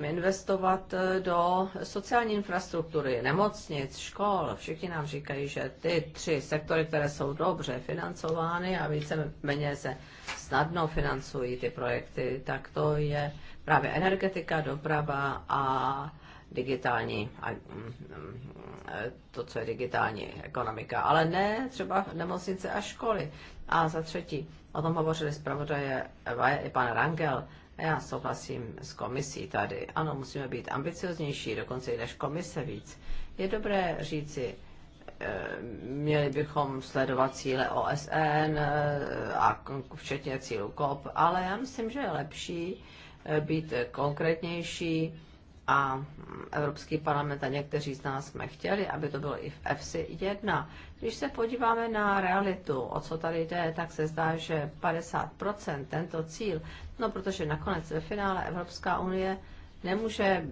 investovat eh, do sociální infrastruktury, nemocnic, škol. Všichni nám říkají, že ty tři sektory, které jsou dobře financovány a více méně se snadno financují ty projekty, tak to je právě energetika, doprava a digitální, a, mm, to, co je digitální ekonomika, ale ne třeba nemocnice a školy. A za třetí, o tom hovořili zpravodaje i pan Rangel, já souhlasím s komisí tady. Ano, musíme být ambicioznější, dokonce i než komise víc. Je dobré říci, eh, měli bychom sledovat cíle OSN eh, a včetně cílu COP, ale já myslím, že je lepší eh, být konkrétnější a Evropský parlament a někteří z nás jsme chtěli, aby to bylo i v EFSI 1. Když se podíváme na realitu, o co tady jde, tak se zdá, že 50% tento cíl, no protože nakonec ve finále Evropská unie nemůže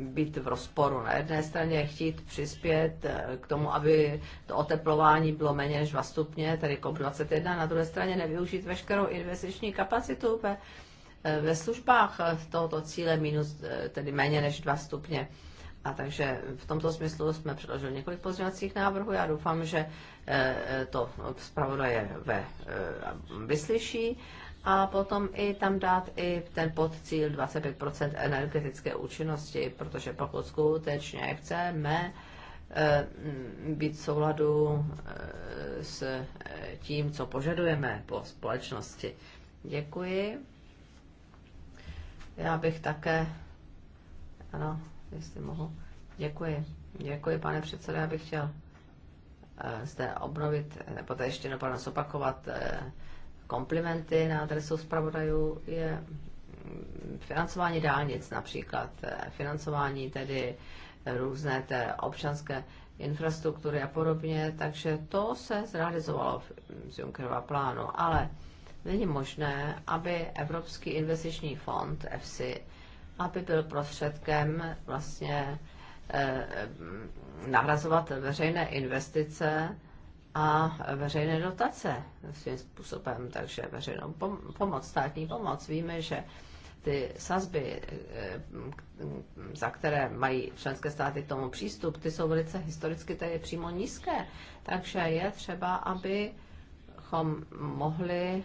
být v rozporu. Na jedné straně chtít přispět eh, k tomu, aby to oteplování bylo méně než 2 stupně, tedy COP21, na druhé straně nevyužít veškerou investiční kapacitu ve Eh, ve službách eh, tohoto cíle minus, eh, tedy méně než 2 stupně. A takže v tomto smyslu jsme předložili několik pozměňovacích návrhů. Já doufám, že to zpravodaje ve, vyslyší a potom i tam dát i ten podcíl 25 energetické účinnosti, protože pokud skutečně chceme být v souladu s tím, co požadujeme po společnosti. Děkuji. Já bych také, ano, jestli mohu, děkuji. Děkuji, pane předsedo, já bych chtěl eh, zde obnovit, nebo eh, to ještě napadlo zopakovat, eh, komplimenty na adresu zpravodajů je mm, financování dálnic například, financování tedy různé té občanské infrastruktury a podobně, takže to se zrealizovalo z Junckerova plánu, ale Není možné, aby Evropský investiční fond EFSI, aby byl prostředkem vlastně eh, nahrazovat veřejné investice a veřejné dotace svým způsobem, takže veřejnou pom- pomoc, státní pomoc. Víme, že ty sazby, eh, za které mají členské státy k tomu přístup, ty jsou velice historicky tady přímo nízké. Takže je třeba, abychom mohli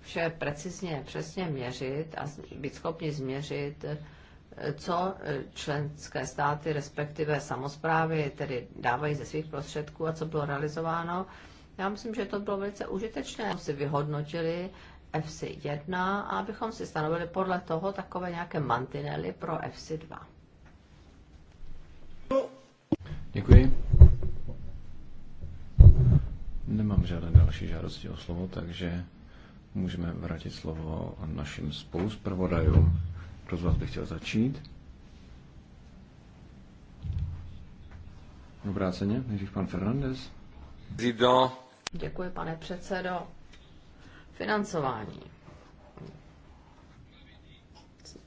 vše precizně, přesně měřit a být schopni změřit, eh, co eh, členské státy, respektive samozprávy, tedy dávají ze svých prostředků a co bylo realizováno. Já myslím, že to bylo velice užitečné. Si vyhodnotili FC1 a abychom si stanovili podle toho takové nějaké mantinely pro FC2. Děkuji. Nemám žádné další žádosti o slovo, takže můžeme vrátit slovo našim spoluzpravodajům. Kdo z vás by chtěl začít? Obráceně, nejdřív pan Fernandez. Děkuji, pane předsedo. Financování.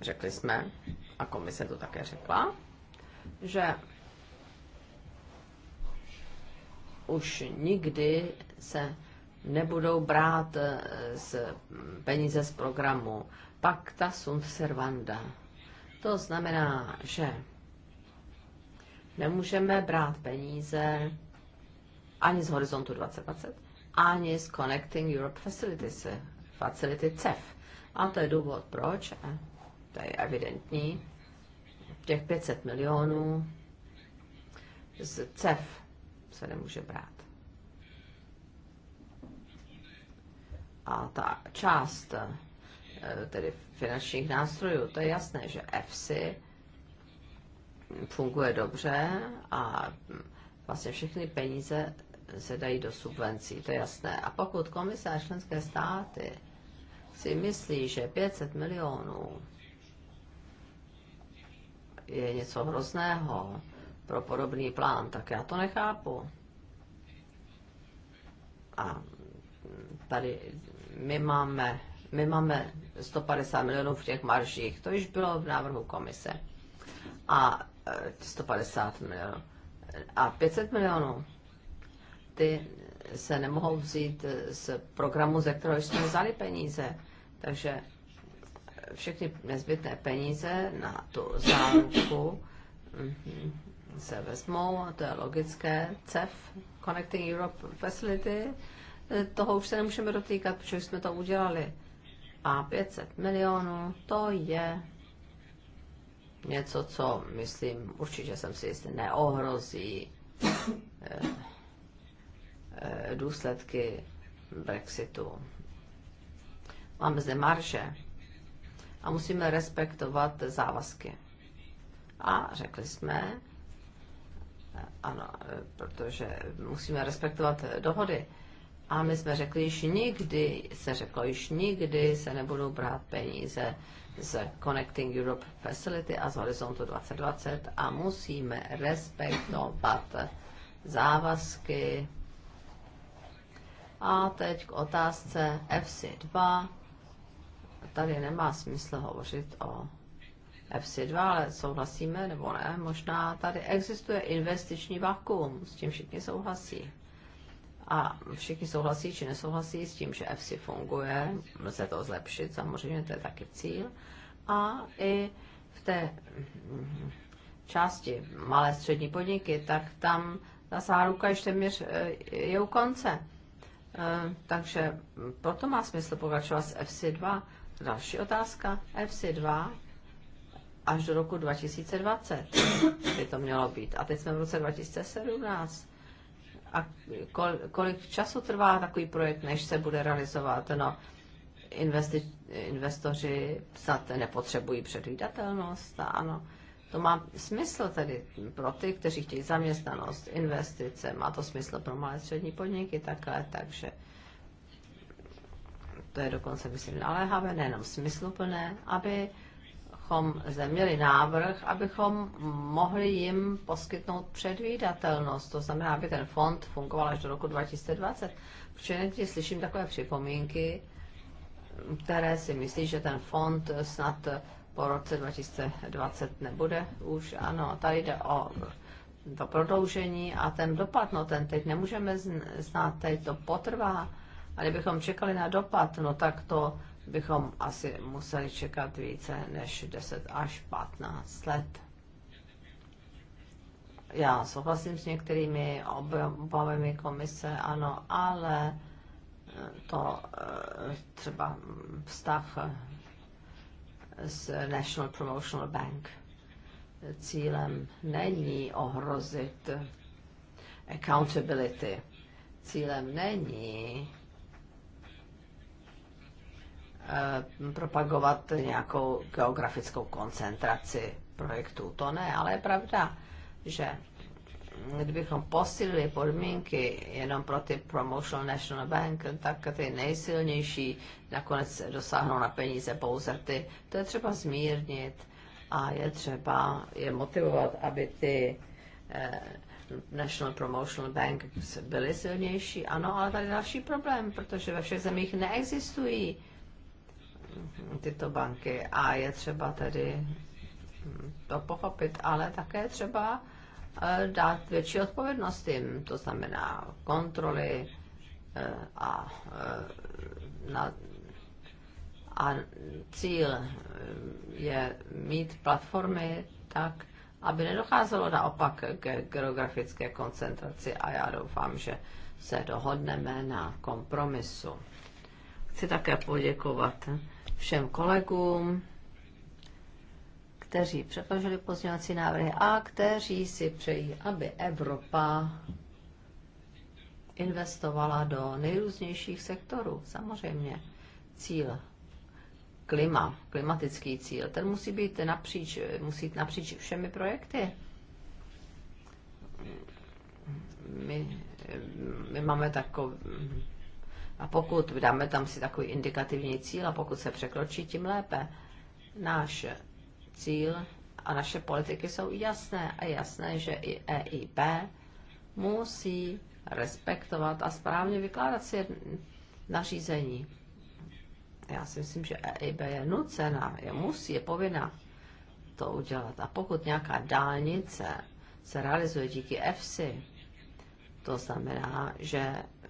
Řekli jsme, a komise to také řekla, že už nikdy se nebudou brát z eh, peníze z programu Pacta sunt servanda. To znamená, že nemůžeme brát peníze ani z Horizontu 2020, ani z Connecting Europe Facilities, Facility CEF. A to je důvod, proč, to je evidentní, těch 500 milionů z CEF se nemůže brát. a ta část eh, tedy finančních nástrojů, to je jasné, že EFSI funguje dobře a hm, vlastně všechny peníze se dají do subvencí, to je jasné. A pokud komise a členské státy si myslí, že 500 milionů je něco hrozného pro podobný plán, tak já to nechápu. A tady my máme, my máme 150 milionů v těch maržích, to již bylo v návrhu komise. A 150 e, milionů. A 500 milionů, ty se nemohou vzít z programu, ze kterého jsme vzali peníze. Takže všechny nezbytné peníze na tu záruku mm-hmm, se vezmou, a to je logické, CEF, Connecting Europe Facility, toho už se nemůžeme dotýkat, protože jsme to udělali. A 500 milionů, to je něco, co myslím, určitě jsem si jistý, neohrozí eh, eh, důsledky Brexitu. Máme zde marže a musíme respektovat závazky. A řekli jsme, eh, ano, protože musíme respektovat dohody. A my jsme řekli, že nikdy, se řeklo, již nikdy se nebudou brát peníze z Connecting Europe Facility a z Horizontu 2020 a musíme respektovat závazky. A teď k otázce FC2. Tady nemá smysl hovořit o FC2, ale souhlasíme nebo ne, možná tady existuje investiční vakuum, s tím všichni souhlasí. A všichni souhlasí či nesouhlasí s tím, že EFSI funguje, lze to zlepšit, samozřejmě to je taky cíl. A i v té mm, části malé střední podniky, tak tam ta záruka ještě měř e, je u konce. E, takže proto má smysl pokračovat s FC2. Další otázka. FC2 až do roku 2020 by to mělo být. A teď jsme v roce 2017. A kolik času trvá takový projekt, než se bude realizovat? No, investi- investoři snad nepotřebují předvídatelnost, ano. To má smysl tedy pro ty, kteří chtějí zaměstnanost, investice, má to smysl pro malé střední podniky takhle, takže to je dokonce, myslím, naléhavé, nejenom smysluplné, aby abychom zde měli návrh, abychom mohli jim poskytnout předvídatelnost. To znamená, aby ten fond fungoval až do roku 2020. Protože slyším takové připomínky, které si myslí, že ten fond snad po roce 2020 nebude už. Ano, tady jde o to prodloužení a ten dopad, no ten teď nemůžeme znát, teď to potrvá. A kdybychom čekali na dopad, no tak to bychom asi museli čekat více než 10 až 15 let. Já souhlasím s některými obavami komise, ano, ale eh, to eh, třeba vztah eh, s National Promotional Bank. Cílem není ohrozit accountability. Cílem není Eh, propagovat nějakou geografickou koncentraci projektů. To ne, ale je pravda, že kdybychom posílili podmínky jenom pro ty Promotional National Bank, tak ty nejsilnější nakonec dosáhnou na peníze pouze ty. To je třeba zmírnit a je třeba je motivovat, aby ty eh, National Promotional Bank byly silnější. Ano, ale tady další problém, protože ve všech zemích neexistují tyto banky a je třeba tedy to pochopit, ale také třeba eh, dát větší odpovědnost jim, to znamená kontroly eh, a, eh, a, a cíl je mít platformy tak, aby nedocházelo naopak k geografické koncentraci a já doufám, že se dohodneme na kompromisu. Chci také poděkovat všem kolegům, kteří předložili pozměňovací návrhy a kteří si přejí, aby Evropa investovala do nejrůznějších sektorů. Samozřejmě cíl klima, klimatický cíl, ten musí být napříč, musí být napříč všemi projekty. My, my máme takový a pokud dáme tam si takový indikativní cíl a pokud se překročí, tím lépe. Náš cíl a naše politiky jsou jasné a jasné, že i EIB musí respektovat a správně vykládat si nařízení. Já si myslím, že EIB je nucena, je musí, je povinna to udělat. A pokud nějaká dálnice se realizuje díky EFSI, to znamená, že eh,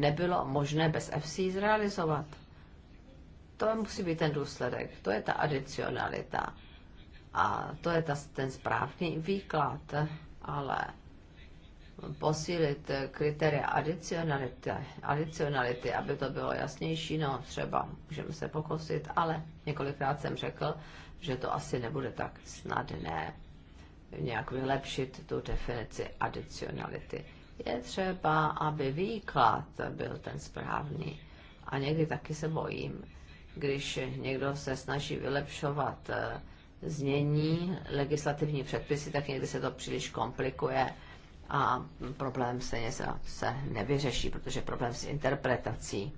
nebylo možné bez FC zrealizovat. To musí být ten důsledek, to je ta adicionalita a to je ta, ten správný výklad, ale posílit kritéria adicionality, adicionality, aby to bylo jasnější, no třeba můžeme se pokusit, ale několikrát jsem řekl, že to asi nebude tak snadné nějak vylepšit tu definici adicionality. Je třeba, aby výklad byl ten správný. A někdy taky se bojím, když někdo se snaží vylepšovat eh, znění legislativní předpisy, tak někdy se to příliš komplikuje a problém se, se nevyřeší, protože problém s interpretací.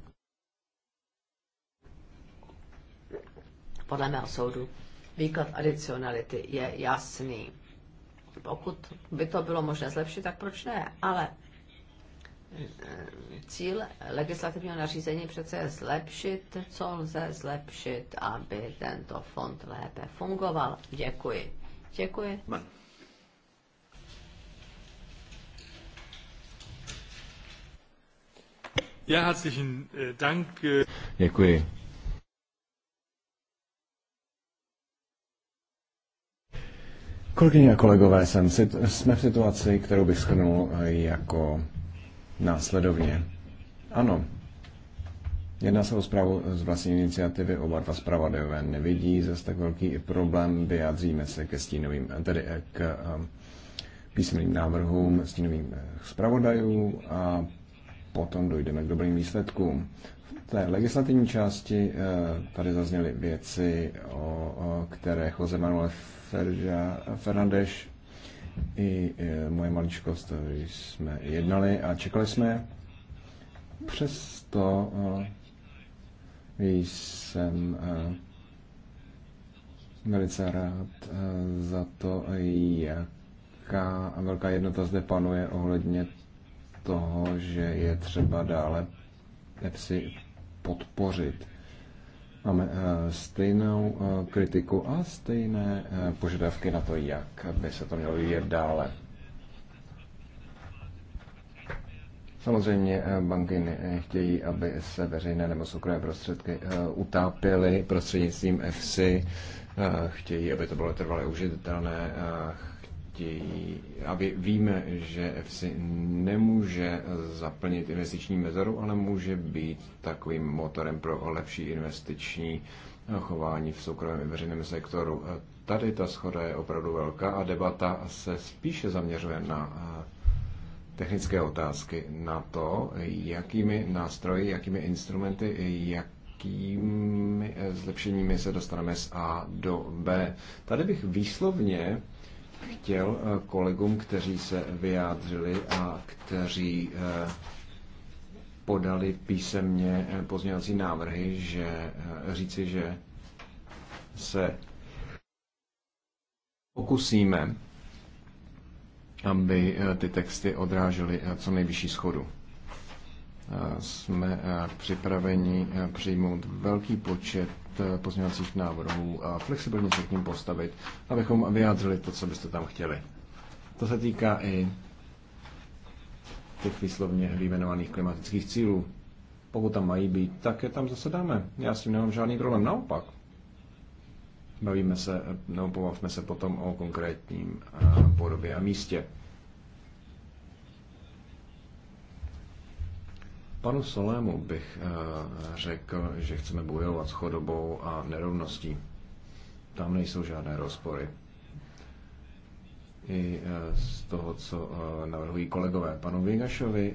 Podle mého soudu výklad adicionality je jasný pokud by to bylo možné zlepšit, tak proč ne? Ale eh, cíl legislativního nařízení přece je zlepšit, co lze zlepšit, aby tento fond lépe fungoval. Děkuji. Děkuji. Man. Ja, herzlichen eh, Dank. Eh. Děkuji. Kolegyně a kolegové, jsem, jsme v situaci, kterou bych shrnul eh, jako následovně. Ano, jedná se o zprávu z vlastní iniciativy, oba dva zpravodajové nevidí zase tak velký problém, vyjádříme se ke stínovým, eh, tedy eh, k písemným návrhům stínovým zpravodajů a potom dojdeme k dobrým výsledkům. V té legislativní části tady zazněly věci, o, o které Jose Manuel Ferža, Fernandeš i moje maličkost, jsme jednali a čekali jsme. Přesto eh, jsem eh, velice rád eh, za to, jaká velká jednota zde panuje ohledně toho, že je třeba dále EPSI podpořit. Máme eh, stejnou eh, kritiku a stejné eh, požadavky na to, jak by se to mělo vyvíjet dále. Samozřejmě banky nechtějí, aby se veřejné nebo soukromé prostředky utápěly prostřednictvím FC. chtějí, aby to bylo trvalé užitelné, chtějí, a víme, že EFSI nemůže zaplnit investiční mezeru, ale může být takovým motorem pro lepší investiční chování v soukromém i veřejném sektoru. Tady ta schoda je opravdu velká a debata se spíše zaměřuje na eh, technické otázky, na to, jakými nástroji, jakými instrumenty, jak jakými eh, zlepšeními se dostaneme z A do B. Tady bych výslovně chtěl eh, kolegům, kteří se vyjádřili a kteří eh, podali písemně eh, pozměňovací návrhy, že říci, že se pokusíme, aby ty texty odrážely co nejvyšší schodu. Jsme připraveni přijmout velký počet Eh, pozměňovacích návrhů a flexibilně se k ním postavit, abychom vyjádřili to, co byste tam chtěli. To se týká i těch výslovně vyjmenovaných klimatických cílů. Pokud tam mají být, tak je tam zase dáme. Já s tím nemám žádný problém, naopak. Bavíme se, eh, nebo pobavme se potom o konkrétním eh, podobě a místě. Panu Solému bych eh, řekl, že chceme bojovat s chodobou a nerovností. Tam nejsou žádné rozpory. I eh, z toho, co eh, navrhují kolegové. Panu Vigašovi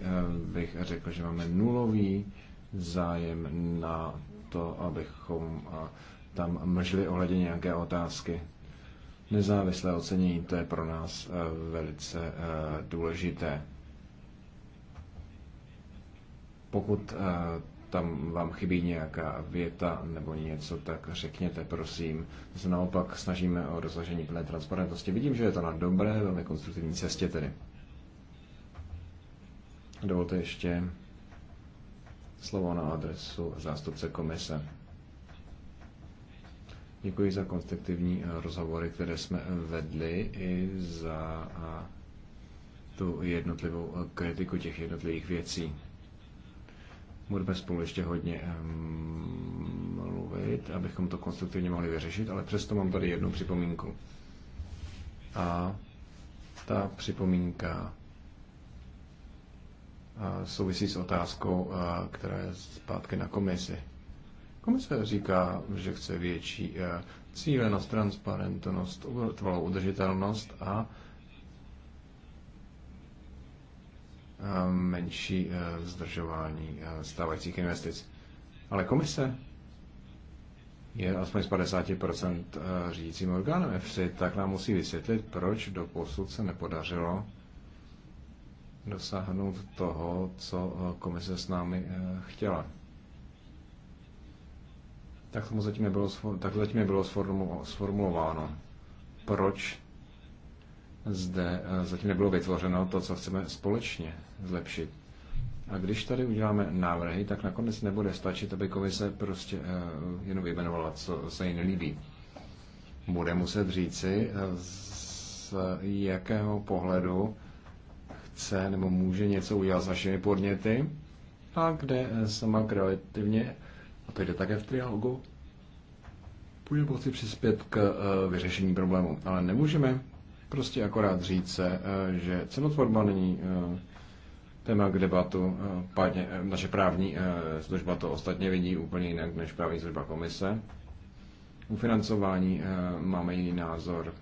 bych řekl, že máme nulový zájem na to, abychom tam mlžili ohledně nějaké otázky. Nezávislé ocenění, to je pro nás velice důležité. Pokud eh, tam vám chybí nějaká věta nebo něco, tak řekněte, prosím. My se naopak snažíme o dosažení plné transparentnosti. Vidím, že je to na dobré, velmi konstruktivní cestě tedy. Dovolte ještě slovo na adresu zástupce komise. Děkuji za konstruktivní eh, rozhovory, které jsme eh, vedli i za tu jednotlivou kritiku těch jednotlivých věcí budeme spolu ještě hodně ehm, mluvit, abychom to konstruktivně mohli vyřešit, ale přesto mám tady jednu připomínku. A ta připomínka souvisí s otázkou, která je zpátky na komisi. Komise říká, že chce větší e, cílenost, transparentnost, trvalou udržitelnost a Eh, menší eh, zdržování eh, stávajících investic. Ale komise je aspoň z 50% řídícím orgánem EFSI, tak nám musí vysvětlit, proč do posud se nepodařilo dosáhnout toho, co komise s námi chtěla. Tak, to zatím nebylo, tak zatím nebylo sformulováno. Proč zde eh, zatím nebylo vytvořeno to, co chceme společně zlepšit. A když tady uděláme návrhy, tak nakonec nebude stačit, aby komise prostě eh, jenom vyjmenovala, co se jí nelíbí. Bude muset říci, eh, z jakého pohledu chce nebo může něco udělat s našimi podněty a kde sama kreativně, a to jde také v trialogu, bude moci přispět k vyřešení problému. Ale nemůžeme prostě akorát říct se, eh, že cenotvorba není eh, téma k debatu. Eh, pádně, naše právní služba to ostatně vidí úplně jinak než právní služba komise. U financování máme jiný názor.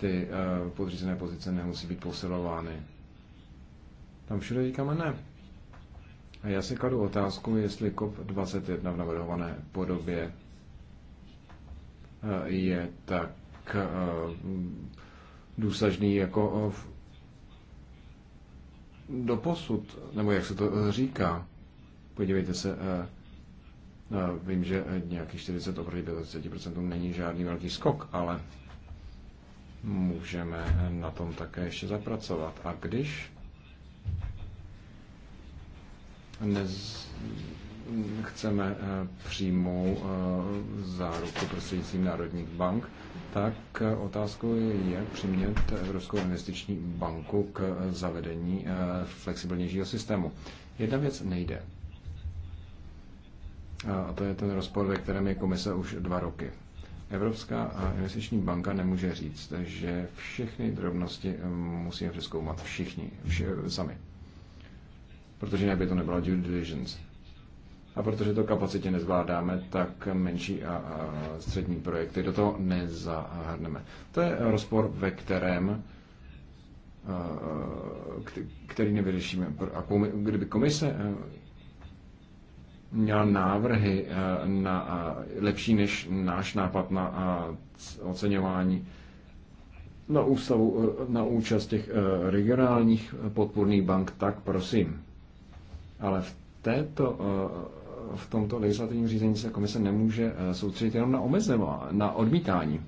Ty podřízené pozice nemusí být posilovány. Tam všude říkáme ne. A já si kladu otázku, jestli COP21 v navrhované podobě je tak tak eh, důsažný jako eh, do posud nebo jak se to eh, říká. Podívejte se, vím, že nějakých 40 oproti 25% není žádný velký skok, ale můžeme na tom také ještě zapracovat. A když nez, chceme eh, přímou eh, záruku prostřednictvím národních bank, tak eh, otázkou je, jak přimět Evropskou investiční banku k zavedení flexibilnějšího systému. Jedna věc nejde. A to je ten rozpor, ve kterém je komise už dva roky. Evropská investiční banka nemůže říct, že všechny drobnosti musíme přeskoumat všichni, vši, sami. Protože jinak by to nebyla due diligence. A protože to kapacitě nezvládáme, tak menší a, a střední projekty do toho nezahrneme. To je rozpor, ve kterém který nevyřešíme. A kdyby komise měla návrhy na lepší než náš nápad na oceňování na ústavu, na účast těch regionálních podpůrných bank, tak prosím. Ale v této v tomto legislativním řízení se komise nemůže eh, soustředit jenom na omezeva, na odmítání,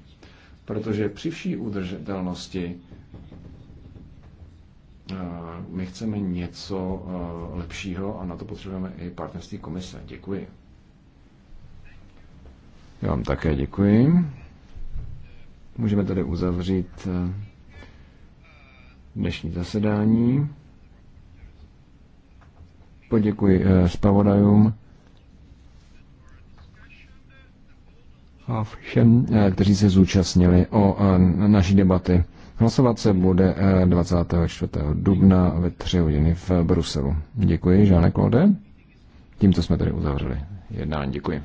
protože při vší udržitelnosti eh, my chceme něco eh, lepšího a na to potřebujeme i partnerství komise. Děkuji. Já vám také děkuji. Můžeme tedy uzavřít dnešní zasedání. Poděkuji zpravodajům. všem, eh, kteří se zúčastnili o eh, naší debaty. Hlasovat se bude 24. Eh, dubna ve 3 hodiny v Bruselu. Děkuji, Žáne Klode. Tímto jsme tady uzavřeli jednání. Děkuji.